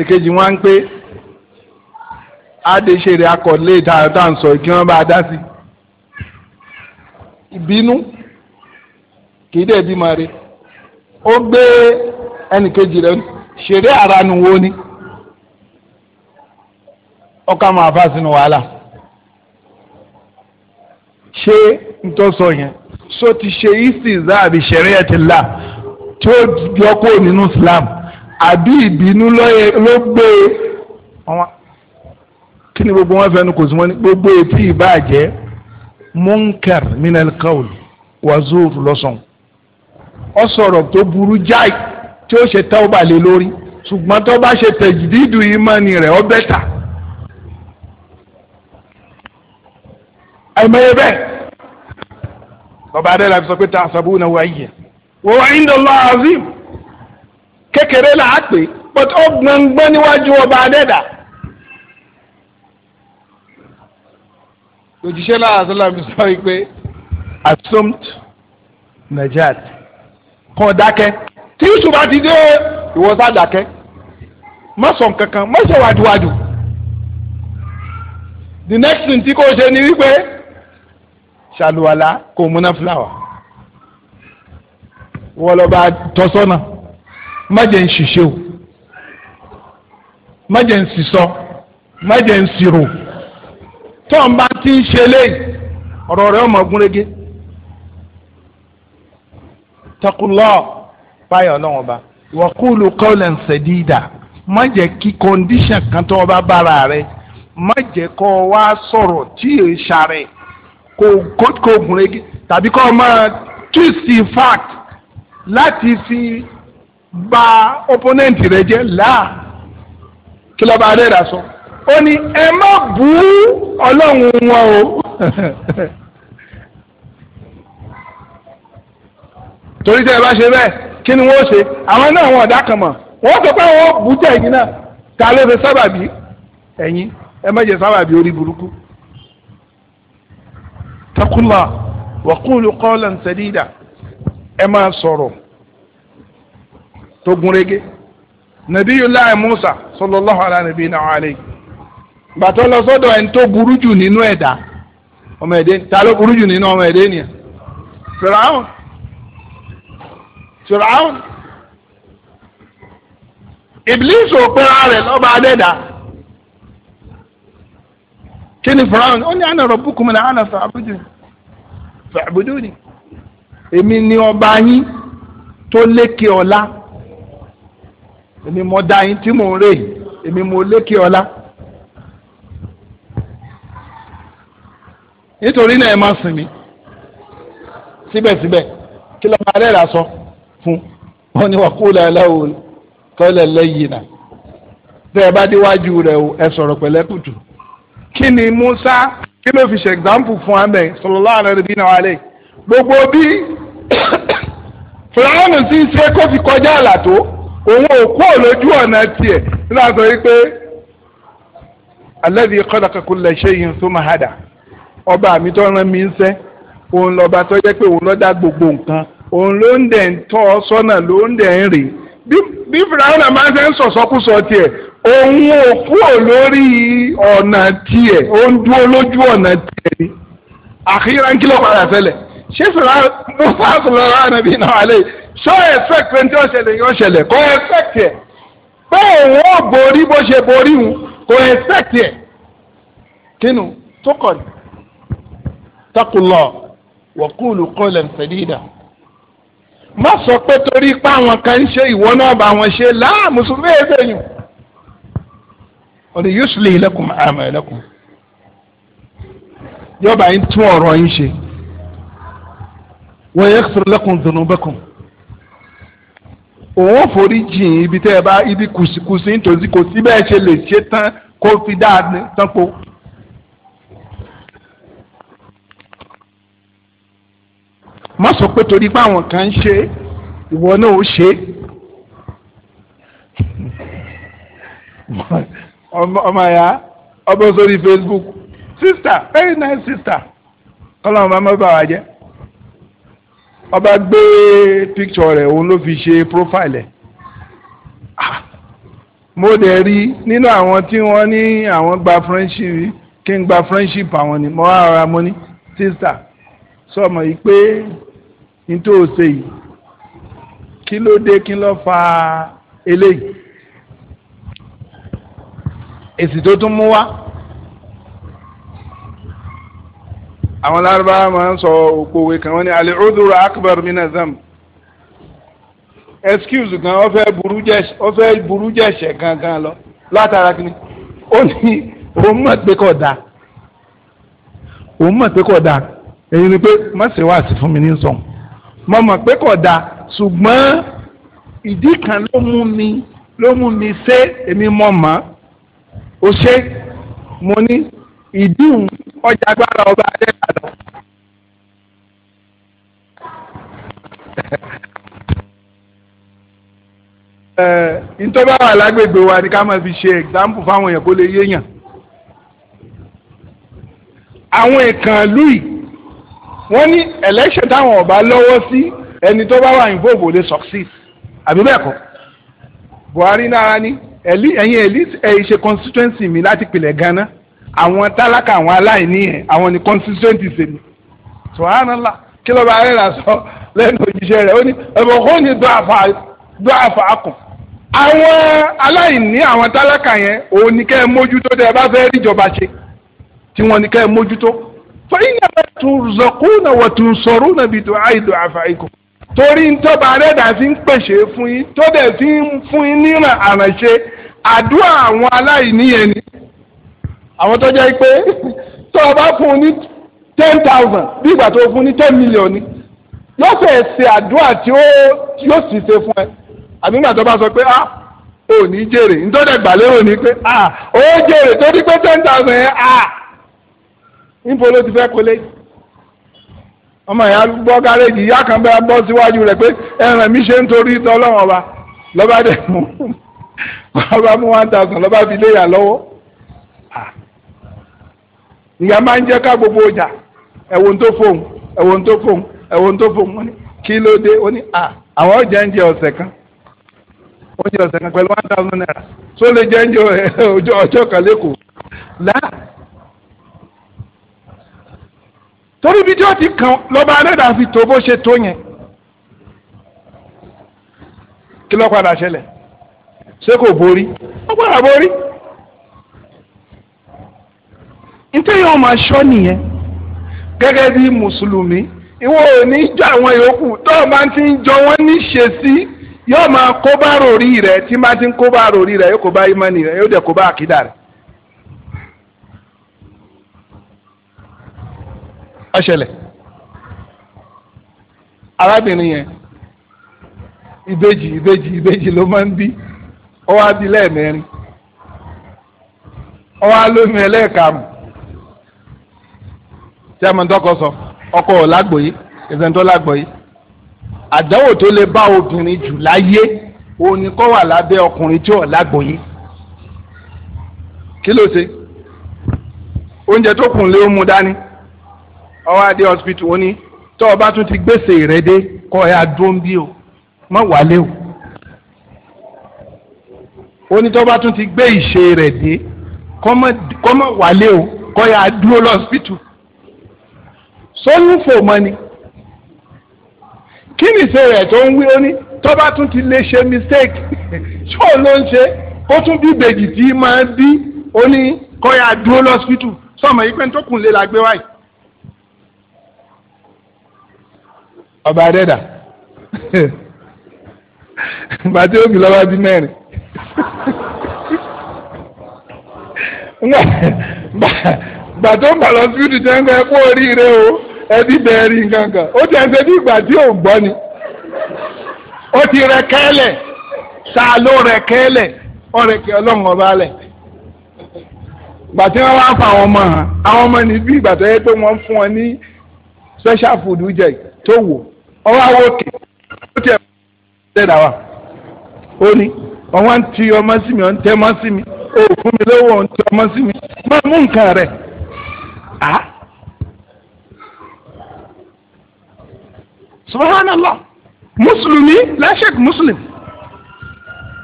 èkejì wọn ń pé adéṣeré akọ̀lé ìtàn tá à ń sọ kí wọ́n bá a dá sí i ìbínú kìí dẹ̀ bímọ rẹ̀ ó gbé ẹnìkejì rẹ̀ ṣeré ara nu wo ni ọkà máa bá sínú wàhálà ṣé ntọ́sọ yẹn so ti ṣe istiza àbí ṣẹ̀ríyà ti là tí ó yọ kúrò nínú Islam àbí ìbínú ló gbé e? kí ni gbogbo wọn fẹnu kò sí wọn ní gbogbo etí ìbàjẹ́ munkar minal qawl wazur lọ́sàn ọ sọ̀rọ̀ tó burú jáì tí ó ṣe tawba lé lórí ṣùgbọ́n tó bá ṣe tẹ̀jìdìdù ìmánì rẹ̀ ọ bẹ́tà. àìmọye bẹ́ẹ̀ bàbá adéla sọ pé ta'sabuna wayya wa inda Allah azim kékeré là á pè but ó níwájú ọba adẹ́dà. òjíṣẹ́ làásọ̀lá mi sọ wípé assumed najat kọ́ dákẹ́ tí yusuf àti dé ìwọ sá dákẹ́ má sọ nǹkan kan má ṣe wàdùwàdù the next thing tí kò ṣe ni wípé ṣàlùwàlà kò múná fúláwà wọ́n lọ bá tọ́sọ́nà má jẹ́ ń ṣiṣẹ́ o má jẹ́ ń sisọ́ má jẹ́ ń tọ́n bá ti ń ṣe léyìí ọ̀rọ̀ rẹ̀ ọmọ gúnrégé taqullah báyọ̀ náà wọn bá wa qulu qawlan sadida má jẹ́ kí kọ́ndíṣàn kan tó bá bára rẹ̀ má jẹ́ kó wá sọ̀rọ̀ tí ì ṣàrẹ̀ kó gúnrégé tàbí kó máa twist fact láti fi bà opponent rẹ̀ jẹ́ láà kí lọ́ba adéèrà sọ. So ó ní ẹ má bú ọlọ́run wọn o torí tẹ́ ẹ bá ṣe bẹ́ẹ̀ kí ni wọ́n ṣe àwọn náà wọn ọ̀dà kan mọ̀ wọ́n sọ pé wọ́n bú tẹ̀ ẹ̀yin náà ta ló fi sábàbí ẹ̀yin ẹ má jẹ sábàbí orí burúkú. sadida ẹ máa sọ̀rọ̀ tó gúnrégé nabiyullahi Musa sallallahu ala alayhi. bàtọ́ lọ sọ́dọ̀ ẹni tó burú jù nínú ẹ̀dá ọmọ ẹ̀dẹ́ ta ló burú jù nínú ọmọ ẹ̀dẹ́ nìyẹn fìràhùn fìràhùn ìbílísì òpera rẹ̀ lọ́ba adẹ́dà kí ni fìràhùn ó ní àná rọ̀bùkún mi náà àná fàbùdù fàbùdù ni èmi ni ọba yín tó lékè ọlá èmi dá yín tí mò ń rè èmi nítorí náà ẹ máa sìn mí síbẹ̀síbẹ̀ kí ló máa rẹ́ra sọ fún wọn ni wàá kó làláwo kọ́lẹ̀ lẹ́yìn náà tẹ́ ẹ bá déwájú rẹ̀ o ẹ sọ̀rọ̀ pẹ̀lẹ́kùtù kí ni Musa kí ló fi ṣe example fún amẹ sallallahu alaihi wa sallam gbogbo bí fúláwọnù sì ń ṣe kó fi kọjá àlà tó òun ò kú òlójú ọ̀nà tiẹ̀ nígbà tó yí pé alladhi khalaqa kulla shay'in thumma hada ọba mi tó rán mi ń sẹ́ òun lọ́ba tó jẹ́ pé òun ló dá gbogbo nǹkan òun ló ń dẹ̀ ń tọ́ ọ sọ́nà ló ń dẹ̀ ń rè bí fìlànà máa ń fẹ́ ń sọ̀sọ́kùsọ tiẹ̀ òun ò kúrò lórí ọ̀nà tiẹ̀ ó ń dúró lójú ọ̀nà tiẹ̀ ni àkírá ń kílọ̀ padà sẹ́lẹ̀ ṣé sọ̀rọ̀ musa sọ̀rọ̀ ànábì náà àlẹ́ ṣọ́ ẹ̀fẹ́kt pé tí ó ṣẹlẹ̀ yóò ṣẹlẹ̀ kọ́ ẹ̀fẹ́kt ẹ̀ pé òun ò borí bó ṣe borí òun kò ẹ̀fẹ́kt ẹ̀ kínú tó kọ̀ ní. اتقوا الله وقولوا قولا سديدا má sọ pé torí pé àwọn kan ń ṣe ìwọ náà bá wọn ṣe láà mùsùlùmí ẹ̀ẹ́dẹ̀yìn ọ̀rẹ́ yóò ṣùlẹ̀ ilẹ̀kùn àmọ̀ ẹ̀lẹ́kùn yọba yín tún ọ̀rọ̀ yín ṣe wọ́n yẹ sọ̀rọ̀ lẹ́kùn dùnú bẹ́kùn òun forí jìn ibi tẹ́ ẹ bá ibi kùsìkùsì nítorí kò sí bẹ́ẹ̀ ṣe lè ṣe tán kó fi dáa tán po. má sọ pé torí pé àwọn kan ń ṣe ìwọ náà ó ṣe ọmọ ya ọbọ sórí Facebook sister very nice sister kọlọ́n bá má bà wá jẹ́ ọba gbé picture rẹ̀ òun ló fi ṣe profile ẹ̀ ah, mo dẹ̀ rí nínú àwọn tí wọ́n ní àwọn gba friendship kí n gba friendship àwọn ni mo wá ara mo ní sister sọmọ yìí pé nítorí ó ṣe yìí kí ló dé kí ló fa eléyìí èsì tó tún mú wá àwọn lárúbáwá máa ń sọ òkòwé kan wọ́n ní alẹ́ ọdúnrún akbar minazam excuse gan ó fẹ́ burú jẹ̀ṣẹ̀ ó fẹ́ burú jẹ̀ṣẹ̀ gangan lọ látara kí ni ó ní òun mọ̀ pé kò dáa òun mọ̀ pé kò dáa èyí ni pé má ṣe wá sí fún mi ní sọ̀hún mo mọ̀ pé kò dáa ṣùgbọ́n ìdí kan ló mú mi ló mú mi ṣe èmi mọ̀ mọ́ o ṣe mo ní ìdíhùn ọjà agbára ọba adébàdàn. ntọ́ba wà lágbègbè wa ni ká máa fi ṣe example fáwọn èèyàn kó lè yéèyàn. àwọn ìkànnì lùyìí wọ́n ní election táwọn ọba lọ́wọ́ sí ẹni tó bá wà involve ò lè succeed àbí bẹ́ẹ̀ kọ́ Buhari nára ní ẹ̀yìn elite ẹ̀yìn ṣe constituency mi láti pilẹ̀ ganan àwọn tálákà àwọn aláìní yẹn àwọn ni constituency ṣèlú subhanallah kí ló bá rẹ́ra sọ lẹ́nu òjíṣẹ́ rẹ̀ ó ní ẹ̀bùn kò ní dọ́ àfà akùn àwọn aláìní àwọn tálákà yẹn òun ni kẹ́ ẹ mójútó tẹ́ ẹ bá fẹ́ ríjọba ṣe tí wọ́n ni kẹ́ ẹ mójútó fẹ́yìnàmọ́ tùzọ̀kúnà wọ̀ tùsọ̀rúnà bíi tó àìdò àfàìkù. torí ń tọ́ba arẹ́dà fi ń pèsè fún yín tó dẹ̀ fi ń fún yín níran àrànṣe àdúrà àwọn aláìní yẹn ni. àwọn tó jẹ́ pé tó o bá fún un ní ten thousand bí ìgbà tó o fún ní ten million ni yóò fẹ́ ṣe àdúrà tí yóò sì ṣe fún ẹ àbí ìgbà tó bá sọ pé ah ò ní jèrè ń tọ́ dẹ̀ gbà lérò ni pé ah ó jèrè torí pé ten thousand yẹn ah níbo ló ti fẹ́ kọ́lé ọmọ ìyá gbọ́ gáréèjì ìyá kan bẹ́ẹ̀ bọ́ síwájú rẹ̀ pé ẹran mi ṣe ń torí tọ́lọ́wọ́n ọba lọ́ba dẹ̀ mú ọba mú one thousand lọ́ba fi léyà lọ́wọ́ ah. ìyá máa ń jẹ́ ká gbogbo ọjà ẹ̀wọ̀n tó fóun ẹ̀wọ̀n tó fóun ẹ̀wọ̀n tó fóun wọ́n ní kí ló dé ah, ó ní à àwọn ọjà ń jẹ ọ̀sẹ̀ kan oúnjẹ ọ̀sẹ̀ kan pẹ̀lú one thousand naira tó lè jẹ́ oúnjẹ ọjọ́ kan lẹ́kọ̀ọ́ torí ibi tí ó ti kàn lọ́ba alẹ́dàá fi tó bó ṣe tó yẹn kí ló padà ṣẹlẹ̀ ṣé kò borí ó padà borí nítorí ọmọ aṣọ nìyẹn gẹ́gẹ́ bí mùsùlùmí ìwọ ò ní jọ àwọn yòókù tó o máa ti ń jọ wọ́n níṣe sí yóò máa kó bá rò rí rẹ̀ tí máa ti ń kó bá rò rí rẹ̀ yóò kó bá ìmánì rẹ̀ yóò dẹ̀ kó bá àkídà rẹ̀. ọṣẹlẹ̀ arábìnrin yẹn ìbejì ìbejì ìbejì ló máa ń bí ó wá bí lẹ́ẹ̀mẹ́rin ó wá lómi ẹlẹ́ẹ̀karùn tí a máa ń tọkọ sọ ọkọ ò lágbòye ìfẹ̀ntọ́ lágbòye àdánwò tó lè bá obìnrin jù láyé òun ni kọ́ wà lábẹ́ ọkùnrin tí ò lágbòye kí ló ṣe oúnjẹ tó kùn lé ó mu dání ọwọ́ adé hospital ó ní tọ́ ọ bá tún ti gbèsè rẹ dé kọ́ ọ yà dúró ń bí o má wálé o ó ní tọ́ ọ bá tún ti gbé ìṣe rẹ dé kọ́ má wálé o kọ́ yà dúró lọ́spítù sọ́nù fòmọ́ ni kí ni ìṣe rẹ̀ tó ń wí ó ní tún ti lè ṣe mistake ṣó ló ń ṣe ó tún bí ìbejì tí máa bí ó ní kọ́ yà dúró lọ́spítù sọ́mọ yìí pé tó kùn la gbé wáyìí. ọba adẹ́dà ìgbà tí ó bì lọ́ba bí mẹ́rin gbà tó ń bà lọ sí ìdí jẹ́ ń gbà ẹ̀kọ́ oríire o ẹbí bẹ̀rẹ̀ nǹkan kan ó ti ẹsẹ̀ bí ìgbà tí ò gbọ́ ni ó ti rẹ kẹ́lẹ̀ ta ló rẹ kẹ́lẹ̀ ọ̀rẹ́kẹ́ ọlọ́run ọba lẹ̀ gbà tí wá fa àwọn ọmọ hàn àwọn ọmọ ní bí ìgbà tó yẹ pé wọ́n fún wọn ní special food jẹ tó wò ọwọ́ àwọn òkè ó tiẹ̀ ṣẹ̀dá wa ó ní ọwọ́ ń ti ọmọ sí mi ọ̀ ń tẹ́ ọmọ sí mi ó fún mi lówó ọ̀ ń tẹ́ ọmọ sí mi máa mú nǹkan rẹ̀ á. subhanallah mùsùlùmí láṣẹk mùsùlùm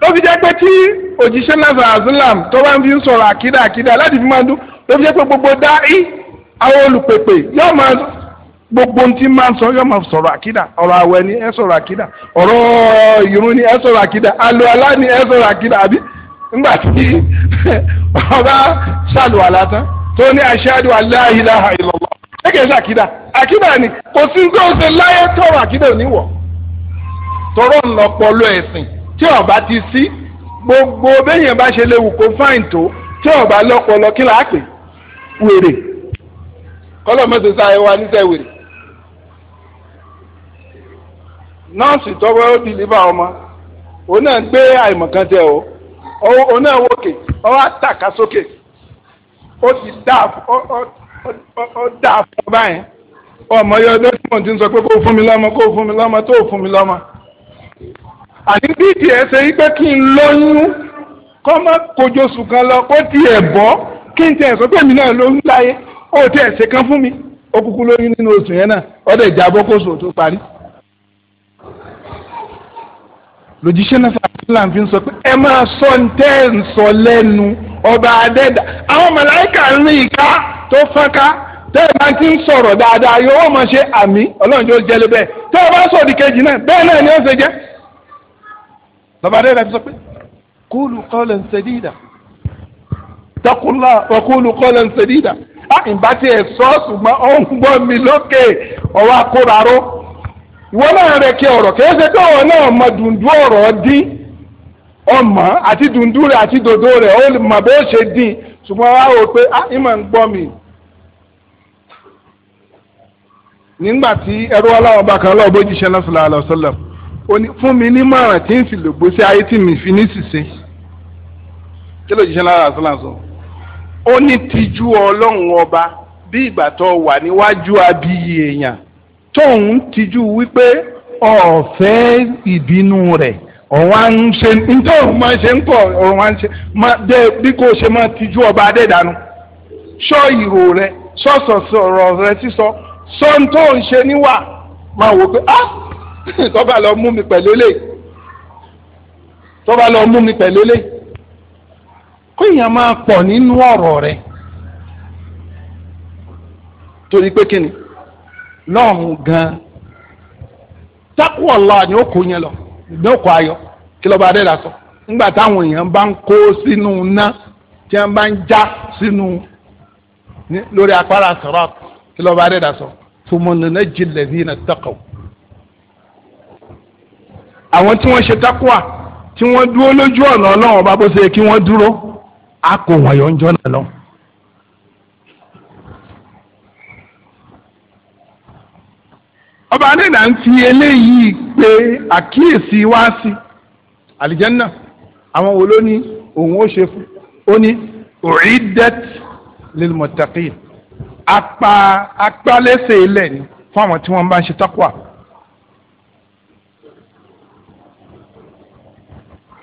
ló fi jẹ́ pé tí òjíṣẹ́ náà azulam tó bá ń fi ń sọ̀rọ̀ àkídà àkídà láti fi máa dún ló fi jẹ́ pé gbogbo dá í àwọn olùpèpè yóò máa dún. gbogbo ntí máa ń sọ yọ máa sọ̀rọ̀ àkídà ọ̀rọ̀ àwẹ̀ ni ẹ sọrọ àkídà ọ̀rọ̀ ìrun ni ẹ sọ̀rọ̀ àkídà ni ẹ sọrọ àkídà àbí ńgbà tí ọba ṣàlùwàlá tán tó ní ashadu an la ilaha ẹ kìí ṣe àkídà àkídà ni kò sí ní kó láyé tọrọ àkídà òníwọ̀ tọrọ ńlọpọlọ ẹ̀sìn tí ọba ti sí gbogbo béèyàn bá ṣe léwu kó fáìn tó tí ọba lọpọlọ kí làá pè wèrè kọlọmọsọsọ àyẹwò aníṣẹ wèrè nọ́ọ̀sì tọ́wọ́ ó dìlíbà ọmọ òun náà gbé àìmọ̀kan tẹ o òun náà wòkè ọwọ́ àtàkà sókè ó ti dáa ó dáa fún ọ báyìí ọmọ yọ ọdún tí mo ti ń sọ pé kó fún mi lọ́mọ kó fún mi lọ́mọ tó fún mi lọ́mọ. àní bí tiẹ̀ ṣe wípé kí n lóyún kọ́ mọ́ kojoṣù kan lọ kó tiẹ̀ bọ́ kí n tiẹ̀ sọ pé mi náà lóyún láyé ó tiẹ̀ ṣe kan fún mi ó kúkú lóyún nínú oṣù yẹn náà ọ̀dọ̀ ìjà abọ́kóṣù tó parí lójíṣẹ́ náà sàlá fi ń sọ pé ẹ máa sọ ń tẹ́ ń sọ lẹ́nu ọba adẹ́dà àwọn màláìkà ń rí ìka tó fọ́nká tẹ́ ẹ máa ti ń sọ̀rọ̀ dáadáa yóò máa ṣe àmì ọlọ́run yóò jẹ́ lé tẹ́ ẹ bá sọ òdìkejì náà bẹ́ẹ̀ náà ni ó ṣe jẹ́ bàbá adẹ́dà fi sọ pé kúlù kọ́lẹ̀ ń sẹ́dídà tọkùnlá ọkùnlù kọ́lẹ̀ ń sẹ́dídà á ìbá tiẹ̀ sọ́ọ̀sù mọ́ ń gbọ́ mi lókè ọwọ́ akóraró ìwọ náà rẹ̀ kí ọ̀rọ̀ kìí ṣe pé ọ̀rọ̀ náà mọ dùndú ọ̀rọ̀ dín ọmọ àti dùndú rẹ̀ àti dòdò rẹ̀ ó mọ bó ṣe dín ṣùgbọ́n wá wò pé ah ìmọ̀ ń gbọ́ mi. nígbà tí ẹrú ọlọ́run bá kan lọ́ọ́ bójú ṣẹlẹ̀ sọ̀lá àlọ́sọ́lọ̀ fún mi ní mọ̀ràn tí ń fi lògbó sí ayé tí mi fi ní ṣìṣe kí ló jíṣẹ́ lára àṣọ làṣọ. ó ní tijú ọlọ́run ọba bí ìgbà tó wà níwájú abiyì tóun tijú wípé ọ̀fẹ́ ìbínú rẹ̀ ọ̀wá ń ṣe nítorí òun máa ṣe ń pọ̀ ọ̀wá ń ṣe bí kò ṣe máa tijú ọba adédànù sọ ìrò rẹ sọ̀sọ̀ sọ̀rọ̀ rẹ sísọ sọ ń tó ń ṣe níwà máa wò pé ah tọ́ba lọ mú mi pẹ̀lú lè tọ́ba lọ mú mi pẹ̀lú lè kó èèyàn máa pọ̀ nínú ọ̀rọ̀ rẹ̀ torí pé kí lọ́rùn gan takuwọlá ni ó kó yẹn lọ ní òkò ayọ̀ kí lọba adé dasọ nígbà táwọn èèyàn bá ń kó sínú ná tí wọ́n bá ń já sínú lórí apára sọ̀rọ̀ kí lọba adé dasọ tùmọ̀nìyàn jìnlẹ̀ bíi nà tọkọ̀ àwọn tí wọ́n ṣe takuwa tí wọ́n dúró lójú ọ̀nà ọlọ́run ọba bó ṣe kí wọ́n dúró a kò wọ̀nyọ̀ ń jọ́ náà lọ́wọ́. ọba nínà ń fi eléyìí pé àkíyèsí wá sí àlìjẹ́nà àwọn wo ló ní òun ó ṣe fún ó ní u'iddat lil muttaqin apá apálẹ́sẹ̀ ilẹ̀ ni fún àwọn tí wọ́n bá ń ṣe taqwa.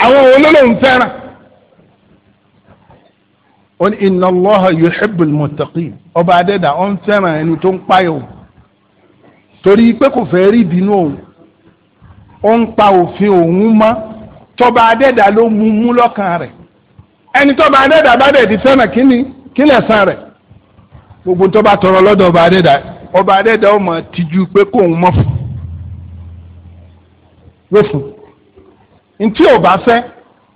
àwọn olólùm fẹ́ràn ó ní inna Allaha yuhibbul muttaqin ọba adẹ́dà ó ń fẹ́ràn ẹni tó ń páyọ̀ torí pé kò fẹ́ rí ìbínú òun ó ń pa òfin òun mọ́ tọba adẹ́dà ló mú mú lọ́kàn rẹ̀ ẹni tọba adẹ́dà bá dẹ̀ di fẹ́ràn kíni kílẹ̀ san rẹ̀ gbogbo tọba tọrọ lọ́dọ̀ ọba adẹ́dà ọba adẹ́dà ó mọ̀ tijú pé kó òun mọ̀ fún ló fún ntí ò bá fẹ́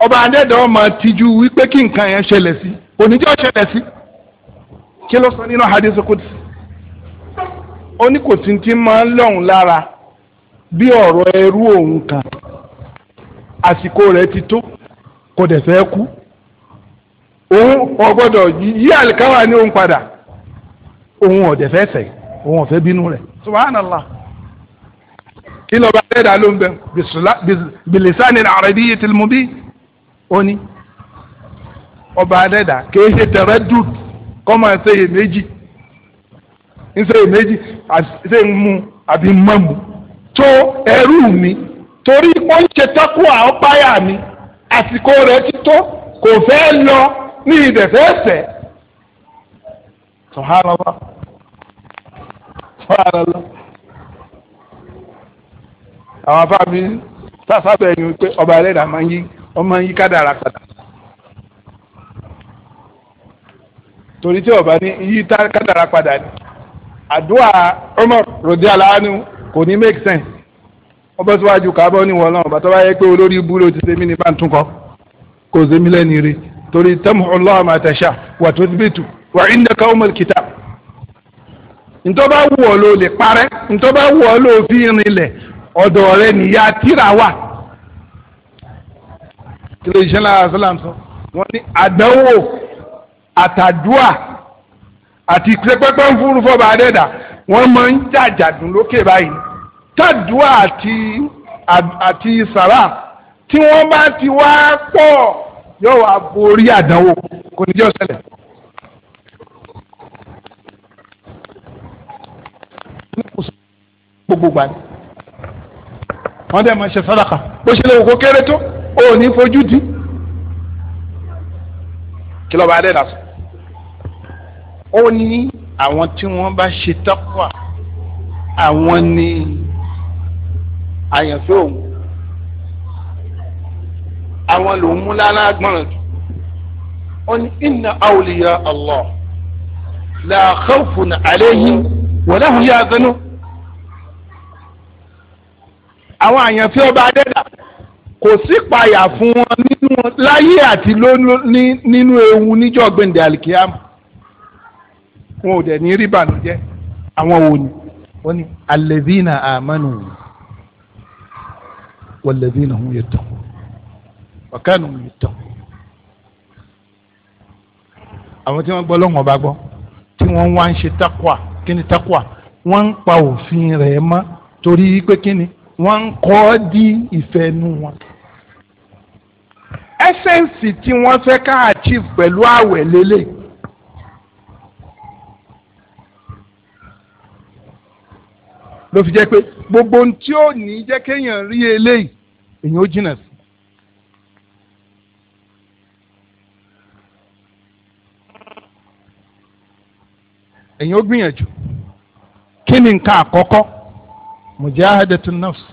ọba adẹ́dà ó mọ̀ tijú wípé kí nǹkan yẹn ṣẹlẹ̀ sí oníjọ́ ṣẹlẹ̀ sí kí ló sọ nínú hadith qudsi ó ní kò sí ti máa ń lọ́hùn lára bí ọ̀rọ̀ ẹrú òun kan àsìkò rẹ̀ ti tó kò dẹ̀ fẹ́ kú òun ọgbọ́dọ̀ yí àlìkáwà ní òun padà òun ọ̀dẹ̀ fẹ́ fẹ́ òun ọ̀fẹ́ bínú rẹ̀ subhanallah kí lọ́ba dẹ́dà ló ń bẹ bilisani arabiyyati al-mubin ó ní ọba dẹ́dà kì í ṣe tẹ̀rẹ́dùd kọ́ máa ṣe iyèméjì ṣe èméjì ṣe ń mu àbí mọ́ mu tó ẹrú mi torí wọ́n ṣe tọ́kù àọ́páyà mi àsìkò rẹ̀ ti tó kò fẹ́ lọ ní ìdẹ̀fẹ́sẹ̀ sọ̀hánàlá sọ̀hánàlá àwọn afáàmì sáfàbẹ̀ ẹ̀yìn pé ọba ẹlẹ́dàá máa ń yí ọmọ yí kádàrá padà torí tí ọba ní yí kádàrá padà ni àdúrà Umar rodi alaanu kò ní make sense wọ́n bọ́ síwájú kábọ́ ní wọ́n náà bàtà báyẹ pé olórí ibú ló ti sẹ́mi ní bàtúkọ kò sẹ́mi lẹ́ni rí torí tamhu Allah ma tasha wà tó bìtù wà indaka umul kitab ntọ́ bá wù ọ́ ló lè parẹ́ ntọ́ bá wù ọ́ ló fi rinlẹ̀ ọ̀dọ̀ rẹ nìyá tíra wà kí ló ṣe lára sọ́lá sọ wọ́n ní àdánwò àtàdúà àti pẹ́pẹ́pẹ́ ń fúru fọ́ba adẹ́dà wọ́n máa ń jàjàdùn lókè báyìí tàdúà àti àti sàrà tí wọ́n bá ti wá pọ̀ yóò wá borí àdánwò kò ní jẹ́ ọ̀sẹ̀lẹ̀. gbogbo gbà ní wọ́n dẹ̀ máa ṣe sàdákà bó ṣe lè wò kó kéré tó ò ní fojú di kí lọ́ba adẹ́dà sọ ó ní àwọn tí wọ́n bá ṣe tọ́pọ̀ àwọn ni àyànfẹ́ òun àwọn lòún mú lára gbọ́nràn jù ó ní inna awliya Allah la khawfun alayhim wa lahum yahzanun àwọn àyànfẹ́ ọba adẹ́dà kò sí payà fún wọn nínú láyé àti lónìí nínú ewu níjọ́ gbẹ̀ǹdẹ̀ alikiyama wọn ò dẹ̀ ní rí bànújẹ́ àwọn wo ni wọ́n ní alẹ́dínà àmánu wàlẹ́dínà hum yẹtọ̀ wàkànnù hum yẹtọ̀ àwọn tí wọ́n gbọ́ lọ́wọ́ bá gbọ́ tí wọ́n wá ń ṣe takwa kí ni takwa wọ́n ń pa òfin rẹ̀ mọ́ torí pé kí ni wọ́n ń kọ́ di ìfẹ́ nu wọn ẹsẹ̀nsì tí wọ́n fẹ́ ká achieve pẹ̀lú àwẹ̀ lélẹ̀ ló fi jẹ́ pé gbogbo ohun tí ó ní jẹ́ kéèyàn rí eléyìí èyàn ó jìnnà sí. èyàn ó gbìyànjú kí ni nǹkan àkọ́kọ́ mujahadatu nafs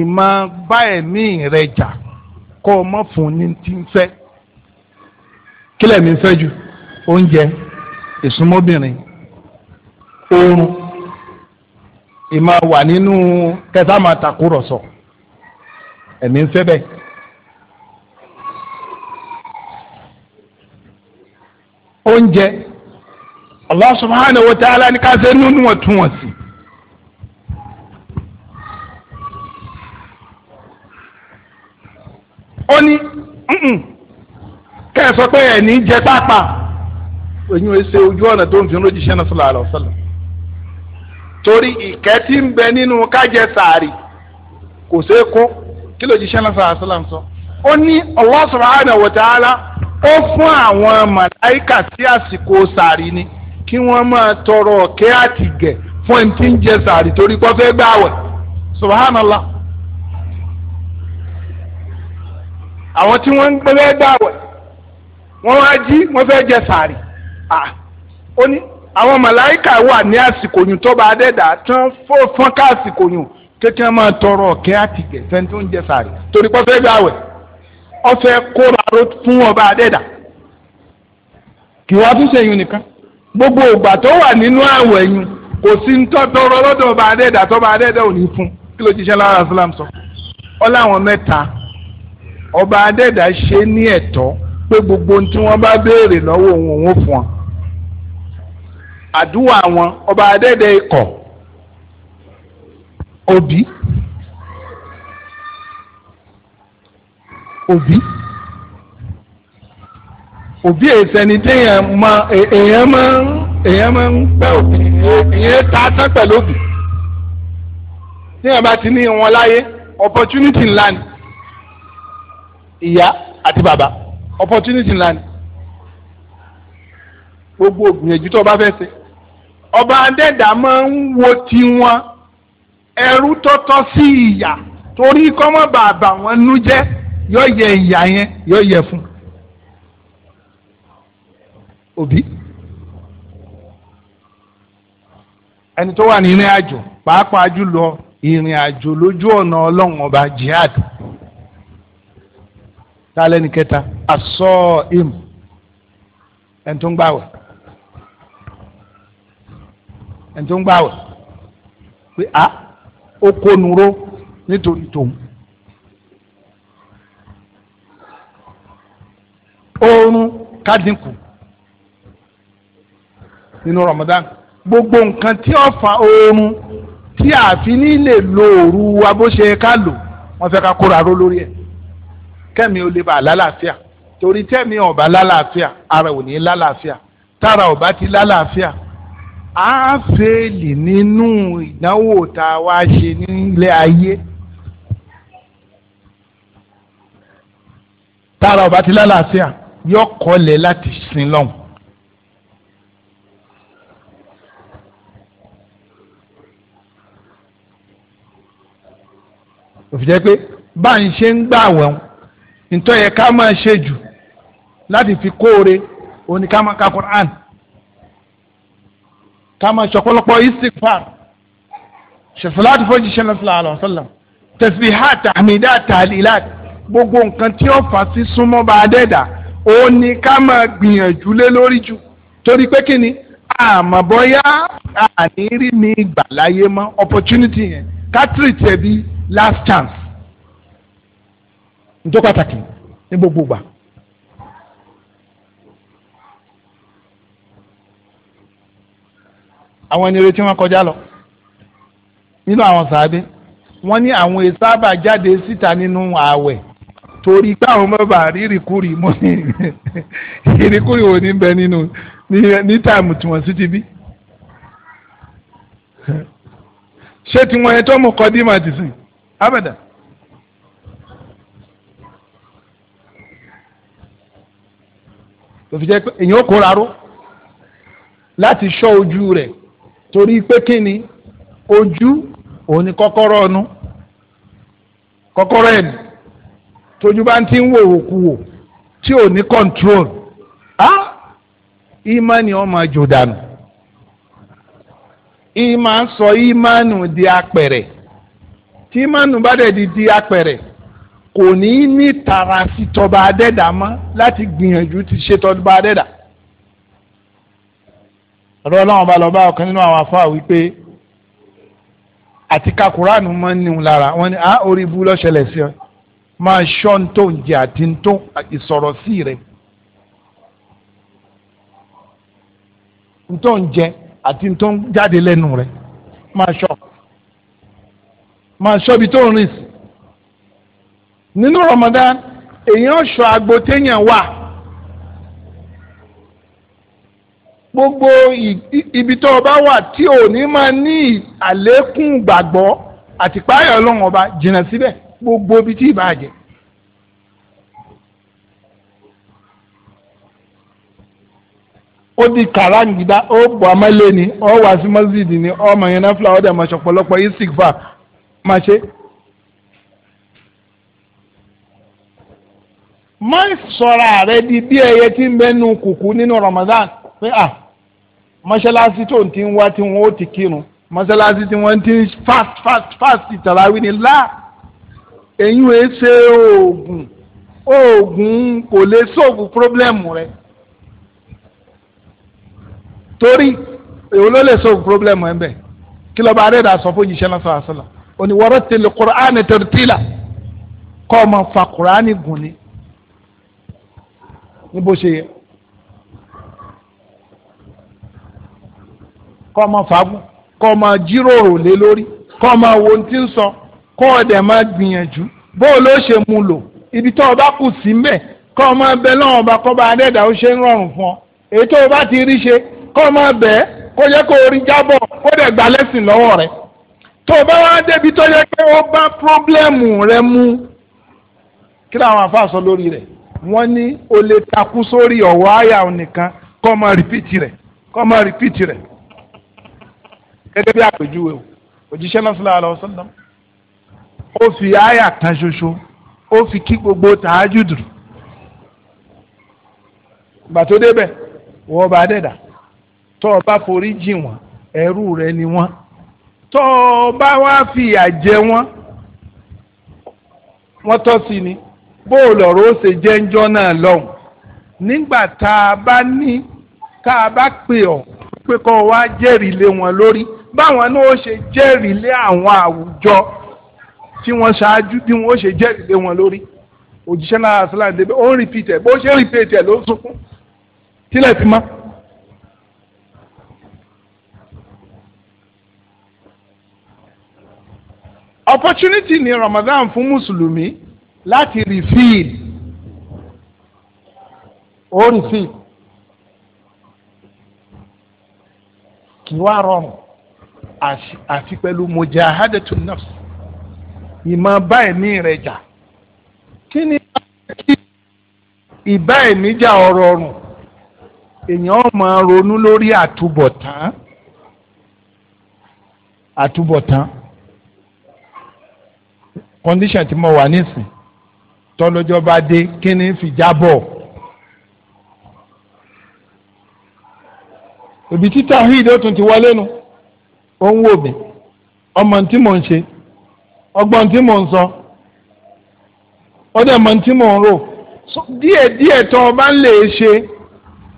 ìmọ̀ bá ẹ̀mí rẹ jà kó o mọ̀ fún ní ti ń fẹ́ kílẹ̀ mi fẹ́ ju oúnjẹ ìmọ̀ wà nínú kẹta máa takùrọ̀sọ ẹ̀mí ń fẹ́ bẹ́ẹ̀. oúnjẹ Allah subhanahu wa ta'ala ni ká ṣe nínú ìwọ̀ntúnwọ̀nsì. ó ní kẹ́ ẹ sọ pé ẹ̀ ní jẹ pápá òyìnbó ṣe ojú ọ̀nà tó ń fi ń lójúṣẹ́ náà sallallahu alaihi wasallam. torí ìkẹ́ tí ń bẹ nínú kájẹ sàárì kò ṣeé kó kí ló jíṣẹ́ náà sàrà sọ́lá ń sọ. ó ní Allah subhanahu wa ta'ala ó fún àwọn màláìkà sí àsìkò sàárì ni kí wọ́n máa tọrọ ọ̀kẹ́ àtìgẹ̀ fún ẹni tí ń jẹ sàárì torí kò fẹ́ gbààwẹ̀ subhanallah. àwọn tí wọ́n ń gbẹ́gbẹ́ gbààwẹ̀ wọ́n wá jí wọ́n fẹ́ jẹ sàárì. ó ní àwọn màláìkà wà ní àsìkò yùn tó bá dẹ́dà tán fọ́n ká àsìkò yùn kékeré máa tọrọ ọ̀kẹ́ àti gẹ̀ẹ́sẹ̀ tó ń jẹ sàrẹ̀ torí pé ọfẹ́ gbà wẹ̀ ọfẹ́ kóra ló fún ọba dẹ́dà kì wá tún ṣe yùn nìkan gbogbo ògbà tó wà nínú àwẹ̀ yùn kò sí ń tọ́ tọrọ lọ́dọ̀ ọba dẹ́dà tọ́ba dẹ́dà ò ní fún kí ló jíṣẹ́ lára islam sọ ọ láwọn mẹ́ta ọba dẹ́dà ṣe ní ẹ̀tọ́ pé gbogbo ohun tí wọ́n bá béèrè lọ́wọ́ òun òun fún wọn àdúrà wọn ọba adẹ́dẹ́ ikọ̀ òbí òbí òbí èsẹ̀ni téèyàn mọ èèyàn mọ èèyàn mọ ń pẹ́ òbí èèyàn ta tán pẹ̀lú òbí téèyàn bá ti ní wọn láyé opportunity ńlá ni ìyá àti bàbá opportunity ńlá ni gbogbo ògbìyànjú tó o bá fẹ́ ṣe ọba adẹ́dà máa ń wo tiwọn ẹrú tọ́tọ́ sí ìyà torí kọ́mọ́ bàbà wọn nú jẹ́ yọ yẹ ìyà yẹn yọ yẹ fún òbí ẹni tó wà ní ìrìn àjò pàápàá jùlọ ìrìn àjò lójú ọ̀nà ọlọ́run ọba jihad ta kẹta asọ́ im ẹni tó ń ẹni tó ń gbàwẹ̀ pé a ó kó nuró nítorí tòun. oorun kádínkù nínú Ramadan gbogbo nǹkan tí ó fa oorun tí àfi ní lè lo òru wa bó ṣe ká lò wọ́n fẹ́ ká kóra ró lórí ẹ̀ kẹ́mi ò lè bá lálàáfíà torí tẹ́mi ọ̀bá lálàáfíà ara ò ní lálàáfíà tára ọ̀bá ti lálàáfíà a fèèlì nínú ìdánwò tá a wá ṣe nílé ayé. tára ọba ti lálàáfíà yọ kọlẹ̀ láti sin lọ́hùn. òfìjẹ́ pé bá ń ṣe ń gbà wẹ̀hún ntọ́ yẹ ká máa ṣe jù láti fi kóore oníkàmọ́ka Quran ká máa ṣọ̀pọ̀lọpọ̀ istikfar ṣèfúláàtì fún jíṣẹ́ náà sílá àlọ́ sọ́lá tẹ̀síhà tàmídà tàlílà gbogbo nǹkan tí ó fà sí súnmọ́ bá a dẹ́dà ó ní ká máa gbìyànjú lé lórí jù torí pé kí ni àmọ́ bóyá opportunity yẹn ká tìrìtì last chance. ǹjọ́ pàtàkì ní gbogbo gbà. àwọn ẹni retí wọn kọjá lọ nínú àwọn sàábé wọn ní àwọn e sábà jáde síta nínú ààwẹ̀ torí pé àwọn bàbá rírìkúrì mọ ní rírìkúrì wo ní bẹ nínú ní táàmù tí wọn sì ti bí ṣé tiwọn yẹn tó mú kọdí mà ti sìn abẹ́dà. tó pé èyàn ó kóra ró láti ṣọ́ ojú rẹ̀ torí pé kí ni ojú òun ni kọ́kọ́rọ́ ọnu kọ́kọ́rọ́ ẹ̀dùn tójú bá ń ti ń wò òkú wò tí ò ní control á ìmánì ọmọ jò dànù ìmá ń sọ ìmánù di apẹ̀rẹ̀ tí ìmánù bá dẹ̀ di di apẹ̀rẹ̀ kò ní ní tara sí tọba adẹ́dàá mọ́ láti gbìyànjú ti ṣe tọba adẹ́dàá ọ̀rọ̀ ọlọ́run ọba lọ́ba ọ̀kan nínú àwọn afá wípé àti ka kuranu mọ́ níhun lára wọ́n ní àá ah, orí ibú lọ́ṣẹlẹ̀ sí ọ máa ṣọ́ ń tó ń jẹ àti ń tó ìsọ̀rọ̀ sí rẹ̀ ń tó ń àti ń tó jáde lẹ́nu rẹ̀ máa ṣọ́ máa ṣọ́ ibi tó ń rìn sí nínú Ramadan èèyàn ṣọ́ agbo téèyàn wà. gbogbo ibi tó o bá wà tí o ní máa ní àlékún gbàgbọ́ àti páyọ̀ ọlọ́run ọba jìnnà síbẹ̀ gbogbo ibi tí ìbá jẹ. ó di kàrangida ó bọ̀ amálẹ̀ ni ó wà sí mọ́sídìí ni ọmọ yẹn náà fúlà ọ̀dà màṣọ pọ̀lọpọ̀ isigba máa ṣe. má sọ̀rọ̀ ààrẹ di bí ẹyẹ tí ń bẹ́nu kùkú nínú Ramadan pé à mọ́ṣáláṣí tó ń ti ń wá tí wọ́n ó ti kírun mọ́ṣáláṣí tí wọ́n ti ń fast fast fast ìtàláwí ni lá èyí ò ṣe oògùn oògùn kò lè sóògùn pírọ́blẹ́mù rẹ torí èwo ló lè sóògùn pírọ́blẹ́mù ẹ̀ ń bẹ̀ kí lọ́ba arẹ́dà sọ fún òjíṣẹ́ náà sọ̀rọ̀ sọ̀rọ̀ oníwọ́rọ́ tẹ̀lé kùránì kọ́ ọ ma fa kùránì gùn ni ní ṣe yẹ. kọ́ ọmọ fagún kọ́ ọmọ jíròrò lé lórí kọ́ ọmọ wo ti ń sọ kọ́ ọ̀dẹ̀ máa gbìyànjú bó o ló ṣe mu lò ibi tó o bá kù sí mbẹ̀ kọ́ ọmọ ẹbẹ náà ọba kọ́ bá adẹ́dà ó ṣe ń rọrùn fún ọ èyí tó o bá ti rí ṣe kọ́ ọmọ ẹbẹ kó yẹ kó o rí jábọ̀ kó dẹ̀ gba lẹ́sìn lọ́wọ́ rẹ tó o bá wá débi tó yẹ pé ó bá pírọ́blẹ́mù rẹ mu kí làwọn afa sọ lórí rẹ wọ́n ní o lè takú sórí ọ̀wọ́ àyà nìkan kọ́ ọmọ rìpíìtì rẹ kọ́ ọmọ rìpíìtì rẹ gẹ́gẹ́ bí àpèjúwe o òjíṣẹ́ náà sallallahu alaihi wasallam ó fi àyà kan ṣoṣo ó fi kí gbogbo tààjùdù ìgbà tó débẹ̀ wọ́n bá dẹ̀dà tó o bá forí jì wọ́n ẹrú rẹ ni wọ́n tó o bá wá fìyà jẹ wọ́n wọ́n tọ́ sí ni bó o ó ṣe jẹ́ ńjọ́ náà lọ́hùn nígbà tá a bá ní tá a bá pè ọ́ pé kó o jẹ́rìí lé wọn lórí báwọn náà ó ṣe jẹ́rìí lé àwọn àwùjọ tí wọ́n ṣáájú bí wọ́n ó ṣe jẹ́rìí lé wọn lórí òjíṣẹ́ náà asálàm débi ó ń rìpìtẹ̀ bó ṣe rìpìtẹ̀ ló ń sunkún tílẹ̀ fi mọ́. opportunity ni Ramadan fún mùsùlùmí láti refill ó refill kì í wá rọrùn àti pẹ̀lú mujahadatu nafs ìmọ̀ bá ẹ̀mí rẹ̀ jà kí ni kí ìbá ẹ̀mí jà ọ̀rọ̀ ọ̀rùn èèyàn máa ronú lórí àtúbọ̀tán àtúbọ̀tán condition tí mo wà nísìn tọ́lọ́jọ́ bá dé kí ni fi jábọ̀. ibi tí tún ti wọlé nu. No? ó ń wò mí ọmọ tí mò ń ṣe ọgbọ́n tí mò ń sọ ọdẹ mọ̀ tí mò ń rò díẹ̀ díẹ̀ tó o bá ń lè ṣe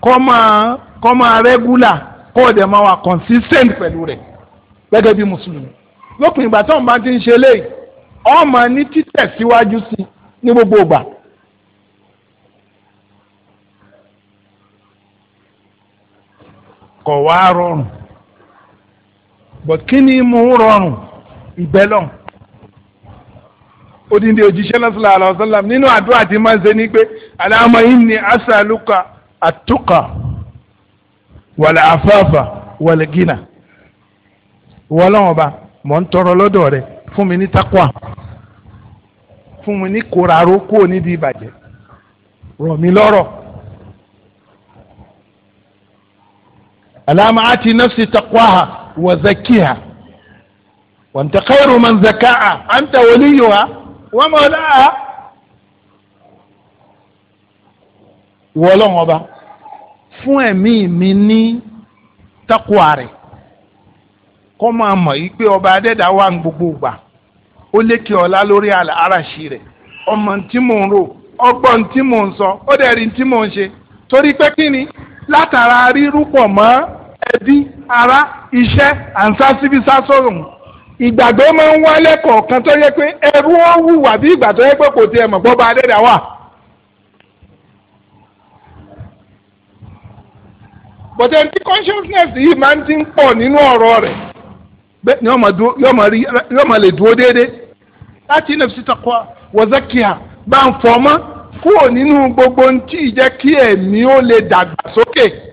kọ́ máa kọ́ máa rẹ́gúlà kó o máa wà consistent pẹ̀lú rẹ̀ gẹ́gẹ́ bí mùsùlùmí lópin ìgbà tó ń bá ti ń ṣe léyìí ọmọ ní títẹ̀síwájú sí ní gbogbo ìgbà. kò wá rọrùn. but kí ni mo ń rọrùn ìbẹ́lọ̀ odindi òjíṣẹ́ lọ́sọ̀lá àlọ́sọ́lá nínú àdúrà tí máa ń ṣe ni pé aláàmọ́ yìí ni asàlùkà àtúkà wàlẹ̀ wala wàlẹ̀ gínà wọ́lọ́wọ́ba mọ̀ ń tọrọ lọ́dọ̀ fún mi ní takwa fún mi ní kóraró kúrò nídìí ìbàjẹ́ rọ̀ mí lọ́rọ̀. aláàmọ́ àti nọ́ọ̀sì takwa ha. وزكيها وأنت خير من زكاها أنت وليها ومولاها ìwọ ọlọ́run ọba fún ẹ̀mí mi ní taqwa rẹ̀ kọ́ máa mọ̀ yìí ọba adẹ́dá wà ń gbogbo gbà ó lékè ọ̀la lórí àràṣì rẹ̀ ọmọ tí mò ń rò ọgbọ́n tí mò ń sọ ó iṣẹ́ àǹsá síbi sásọ̀rọ̀ mu ìgbàgbọ́ máa ń wá lẹ́kọ̀ọ́ kan tó yẹ pé ẹrú ó hùwà bí ìgbà tó yẹ pé kò tiẹ̀ mọ̀ gbọ́ adẹ́dà wà. bọ̀dẹ̀ tí consciousness yìí máa ń ti ń pọ̀ nínú ọ̀rọ̀ rẹ̀ bẹ́ẹ̀ ni yóò máa lè dúró déédéé láti inú sí takwa wọ́sẹ̀kìá bá ń fọ́ mọ́ kúrò nínú gbogbo ohun tí ìjẹ́ kí ẹ̀mí ó lè dàgbà sókè. Okay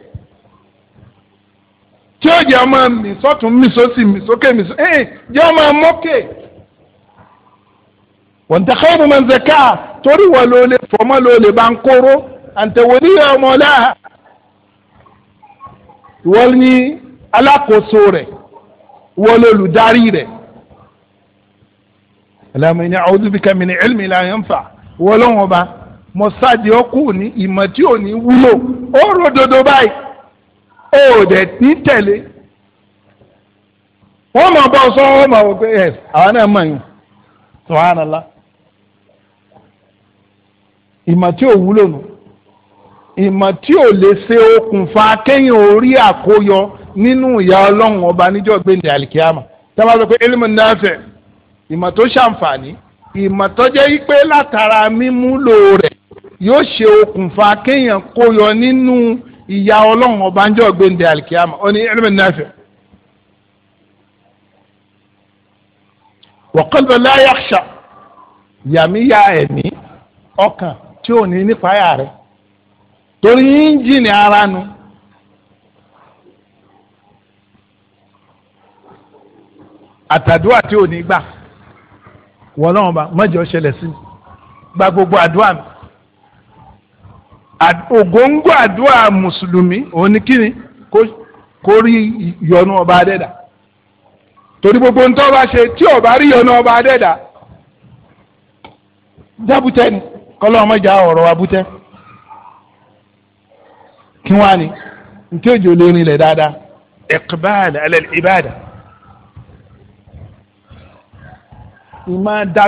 tí ó jẹ́ ọmọ mi sọ́tún mi sósì mi sókè mi sókè ẹ̀ jẹ́ ọmọ mọ́kè. wọ́n tẹ xeyìmù mọ̀ nzẹ̀ká torí wọ́n ló lè fọmọ́ ló lè bá ń kóró àǹtẹ̀wòlí ọmọ láà. wọ́n ní alákòóso rẹ̀ wọ́n lólùdarí rẹ̀. aláàmú ni àwọn olùbí ní ẹ̀lmí la yẹn fà wọ́n lọ́wọ́ ba mọ̀sáàdì ọkùnrin ìmọ̀ tí ò ní wúlò ó ròdodo báyìí ó dẹ̀ ní tẹ̀lé wọ́n mọ̀ bọ́ sọ wọ́n mọ̀ wọ́n pé yes àwọn náà mọ̀ yín la, ìmọ̀ tí ò wúlò nù ìmọ̀ tí ò lè ṣe okùnfà kéyìn orí àkóyọ nínú ìyá ọlọ́run ọba níjọ́ gbẹ̀ndẹ̀ alikiyama tábà sọ pé elimu náfẹ̀ ìmọ̀ tó ṣàǹfààní ìmọ̀ tó jẹ́ pé látara mímúlò rẹ̀ yóò ṣe okùnfà kéyìn kóyọ nínú ìyá ọlọ́run ọ̀bánjọ́ gbẹ̀ndẹ̀ alikiyama ó ní ilmu nafi. wa qalba la yakhsha yàmíyà ẹ̀mí ọkàn tí ò ní nípa yà rẹ̀ torí yíńjìnì ara nu. àtàdúrà tí ò ní gbà wọ́n lọ́wọ́n bá mọ́jọ́ ṣẹlẹ̀ sí gba gbogbo àdúrà mi ògóńgó àdúrà mùsùlùmí òun ni kíni kó rí ìyọnu ọba adẹ́dà torí gbogbo ń tọ́ ṣe tí ọba rí ìyọnu ọba adẹ́dà jábútẹ́ ni kọ́lọ́ ọmọjà ọ̀rọ̀ abútẹ́ kí wọ́n á ní ntí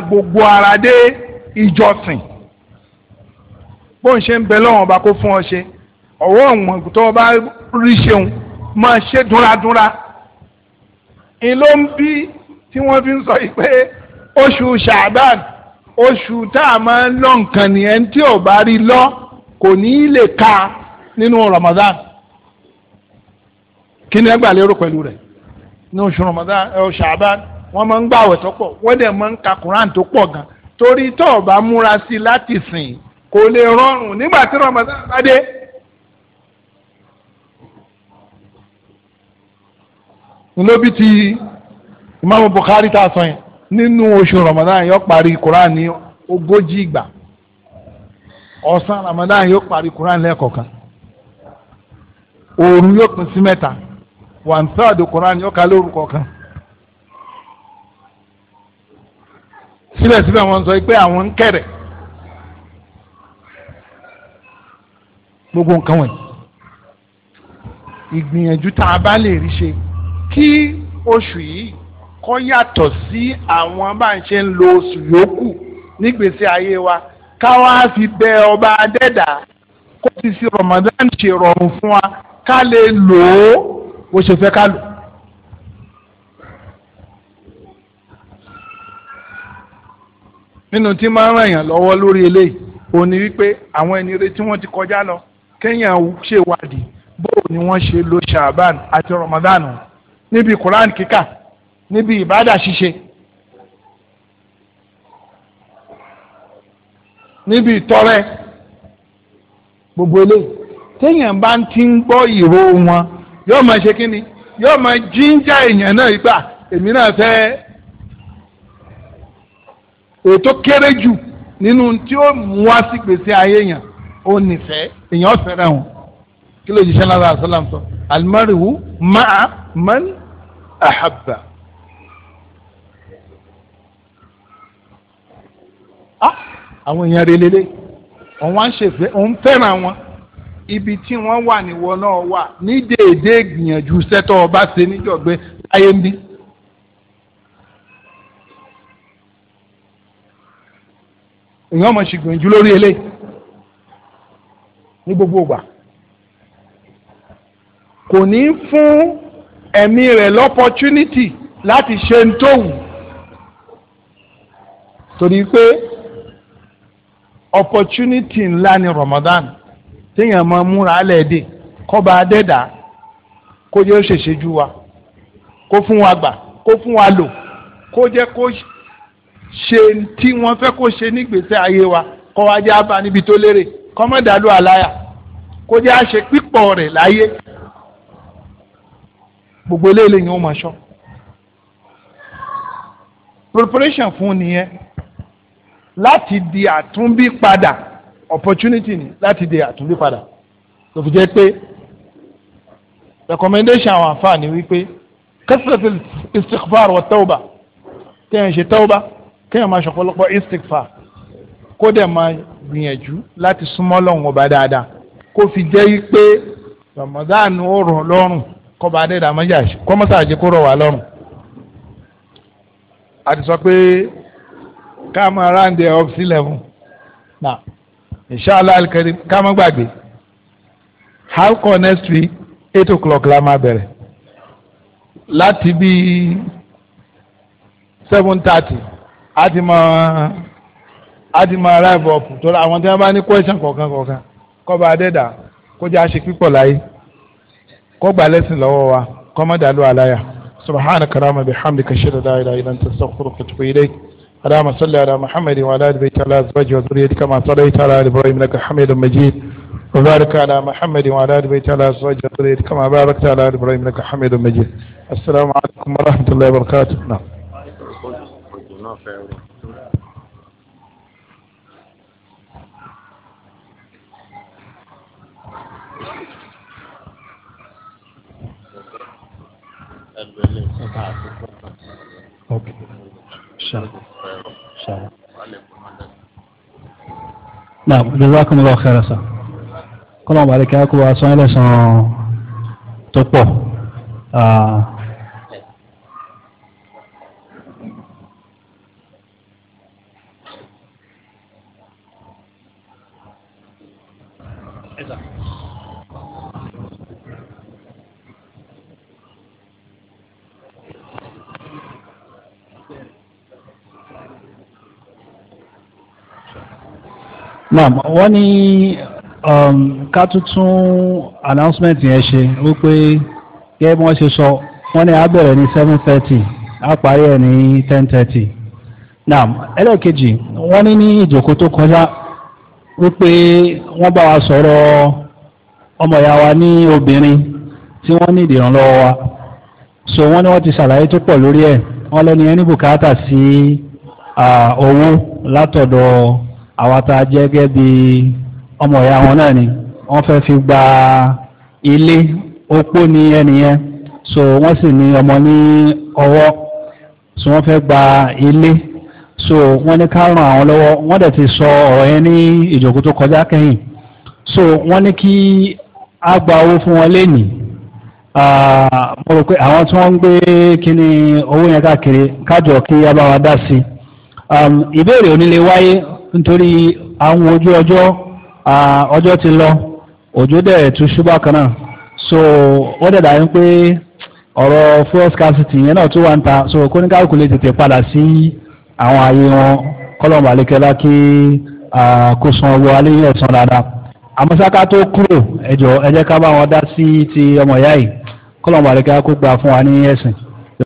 gbogbo ara dé ìjọsìn. bó ń ṣe ń bẹ lọ́wọ́n ọba kó fún ọ ṣe ọ̀wọ́ ọ̀wọ́n tó ọba rí ṣeun máa ṣe dúnradúnra ìló ń bí tí wọ́n fi ń sọ yìí pé oṣù ṣàbàn oṣù tá a máa ń lọ nǹkan nìyẹn tí ò rí lọ kò ní í lè ka nínú Ramadan kí ni ẹ lérò pẹ̀lú rẹ̀ ní oṣù Ramadan ẹ ṣàbàn wọ́n máa ń gbàwẹ̀ tó pọ̀ wọ́n dẹ̀ máa ń ka Quran tó pọ̀ gan torí tó bá múra sí i láti sìn kò lè rọrùn nígbà tí Ramadan bá dé. níbi tí Imaamu Bukhari tá sọ yẹn nínú oṣù Ramadan yóò parí Quran ní ogójì ìgbà ọ̀sán Ramadan yóò parí Quran lẹ́ẹ̀kọ̀kan òòrùn yóò pín sí mẹ́ta one third Quran yóò ka lórúkọ kan. síbẹ̀síbẹ̀ wọ́n sọ pé àwọn ń kẹ̀rẹ̀. gbogbo nǹkan wọ̀nyí ìgbìyànjú tá a bá lè rí ṣe kí oṣù yìí kọ́ yàtọ̀ sí àwọn bá ń lo oṣù yòókù nígbèsè ayé wa ká wá fi bẹ ọba adẹ́dà kó ti fi Ramadan ṣe rọrùn fún wa ká lè lò ó bó ṣe fẹ́ ká lò. nínú tí máa ń ràn yàn lọ́wọ́ lórí eléyìí òun ni wípé àwọn ẹni rẹ tí wọ́n ti kọjá lọ kéèyàn ṣèwádìí bóò ni wọ́n ṣe lo ṣaaban àti ramadan níbi quran kíkà níbi ìbádà ṣíṣe níbi ìtọrẹ gbogbo eléyìí téèyàn bá ti ń gbọ́ ìró wọn yóò máa ṣe kínni yóò máa jíńjà èèyàn náà gbà èmi náà fẹ́ ètò kéré jù nínú tí ó mú wá sí gbèsè ayé yẹn ó nífẹ̀ẹ́ èèyàn fẹ́ràn wọn kí ló jíṣẹ́ lára àṣàlám sọ alimariwu máa man ahaba. Ah, àwọn èèyàn rẹ lélẹ̀ wọn wá ń ṣèfẹ́ òun fẹ́ràn wọn ibi tí wọ́n wà níwọ náà wà ní déédéé gbìyànjú sẹ́tọ̀ ọba ṣe níjọ̀gbẹ́ láyé ń bí. èèyàn mọ̀ ṣì gbìyànjú lórí eléyìí ní gbogbo ìgbà kò ní fún ẹ̀mí rẹ̀ lọ́pọ̀tunity láti ṣe ń tó torí pé opportunity ńlá ni Ramadan téèyàn máa múra lẹ́ẹ̀dẹ̀ kọ́ba adẹ́dà kó jẹ́ ṣèṣe ju wa kó fún wa gbà kó fún wa lò kó jẹ́ kó ṣe tí wọ́n fẹ́ kó ṣe nígbésẹ̀ ayé wa kó wá jẹ́ abá níbi tó lérè kọ́mọ́dàlú àláyà kó jẹ́ àṣẹ pípọ̀ rẹ̀ láyé gbogbo eléyìí lèyìn ó máa ṣọ́ preparation fún nìyẹn láti di àtúnbí padà opportunity ni láti di àtúnbí padà tó fi jẹ́ pé recommendation àwọn àǹfààní wípé kẹsìlẹsì istighfar wa tawba kéèyàn ṣe tawba kéèyàn máa ṣọ̀pọ̀lọpọ̀ istighfar kó dẹ̀ máa gbìyànjú láti súnmọ́ lọ́hùn ọba dáadáa kó fi jẹ́ pé Ramadan ó rọ̀ lọ́rùn kọba adéda mọ́jà kọ́mọ́sá àjẹ kó rọ̀ wá lọ́rùn. a ti sọ pé ká máa ráǹdẹ̀ up sí náà inshallah alkarim ká má gbàgbé how come next week eight o'clock la máa bẹ̀rẹ̀ láti bíi seven thirty a ti máa a ti máa ráìbù ọ̀pù tó àwọn tí wọ́n bá ní question kọ̀ọ̀kan kọ̀ọ̀kan kọ́ba adẹ́dà kó jẹ́ àṣẹ pípọ̀ láyé kó gbà lẹ́sìn lọ́wọ́ wa kó má dàlú àláyà subhanaka rama bihamdika shada la ilaha illa anta astaghfiruka wa atubu ilayk اللهم صل على محمد وعلى ال بيت على ازواجه وذريته كما صليت على ال ابراهيم انك حميد مجيد وبارك على محمد وعلى ال بيت على ازواجه وذريته كما باركت على ال ابراهيم انك حميد مجيد السلام عليكم ورحمه الله وبركاته نعم ẹgbẹ̀lẹ̀ sọ́kà àkókò kan. ok ṣáà ṣáà. naam jazakumullahu khairan sa kọ́lọ́mù àlekẹ́ kó wa sọ́yìn lẹ́sàn-án naam wọ́n ní um, ká tuntun announcement yẹn ṣe wípé gẹ́gẹ́ bí wọ́n ṣe sọ wọ́n ní a ní seven thirty a ẹ̀ ní ten thirty naam ẹlẹ́ẹ̀kejì wọ́n ní ní ìjòkó tó kọjá wípé wọ́n bá wa sọ̀rọ̀ ọmọ ìyá wa ní obìnrin tí wọ́n ní ìdìrànlọ́wọ́ wa so wọ́n ní wọ́n ti ṣàlàyé tó pọ̀ lórí ẹ̀ wọ́n lẹ́ni ẹni bùkátà sí owó látọ̀dọ̀ àwa tá a jẹ́ gẹ́gẹ́ bí ọmọ ìyá wọn náà ni wọ́n fẹ́ fi gba ilé opó ni ẹnìyẹn so wọ́n sì ní ọmọ ní ọwọ́ so wọ́n fẹ́ gba ilé so wọ́n ní ká ràn àwọn lọ́wọ́ wọ́n dẹ̀ ti sọ ọ̀rọ̀ yẹn ní ìjókòó tó kọjá kẹ́yìn so wọ́n ní kí a gba owó fún wọn lénìí mo rò pé àwọn tí wọ́n ń gbé kíni owó yẹn káàkiri kájọ kí a dá sí ìbéèrè onílé wáyé nítorí àwọn ojú ọjọ́ ọjọ́ ti lọ òjò dẹ̀ tún ṣubá kan náà so ó dẹ̀ dàbí pé ọ̀rọ̀ fuel scarcity yẹn náà tún wà ń ta so kóníkàlùkù lè tètè padà sí àwọn ààyè wọn kọ́lọ́mù àlékẹ́lá kí kó san owó alẹ́ yẹn ọ̀sán dáadáa àmọ́sáká tó kúrò ẹ̀jọ̀ ẹ jẹ́ ká bá wọn dá sí ti ọmọ ìyá yìí kọ́lọ́mù àlékẹ́lá kó gbà fún wa ní ẹ̀sìn.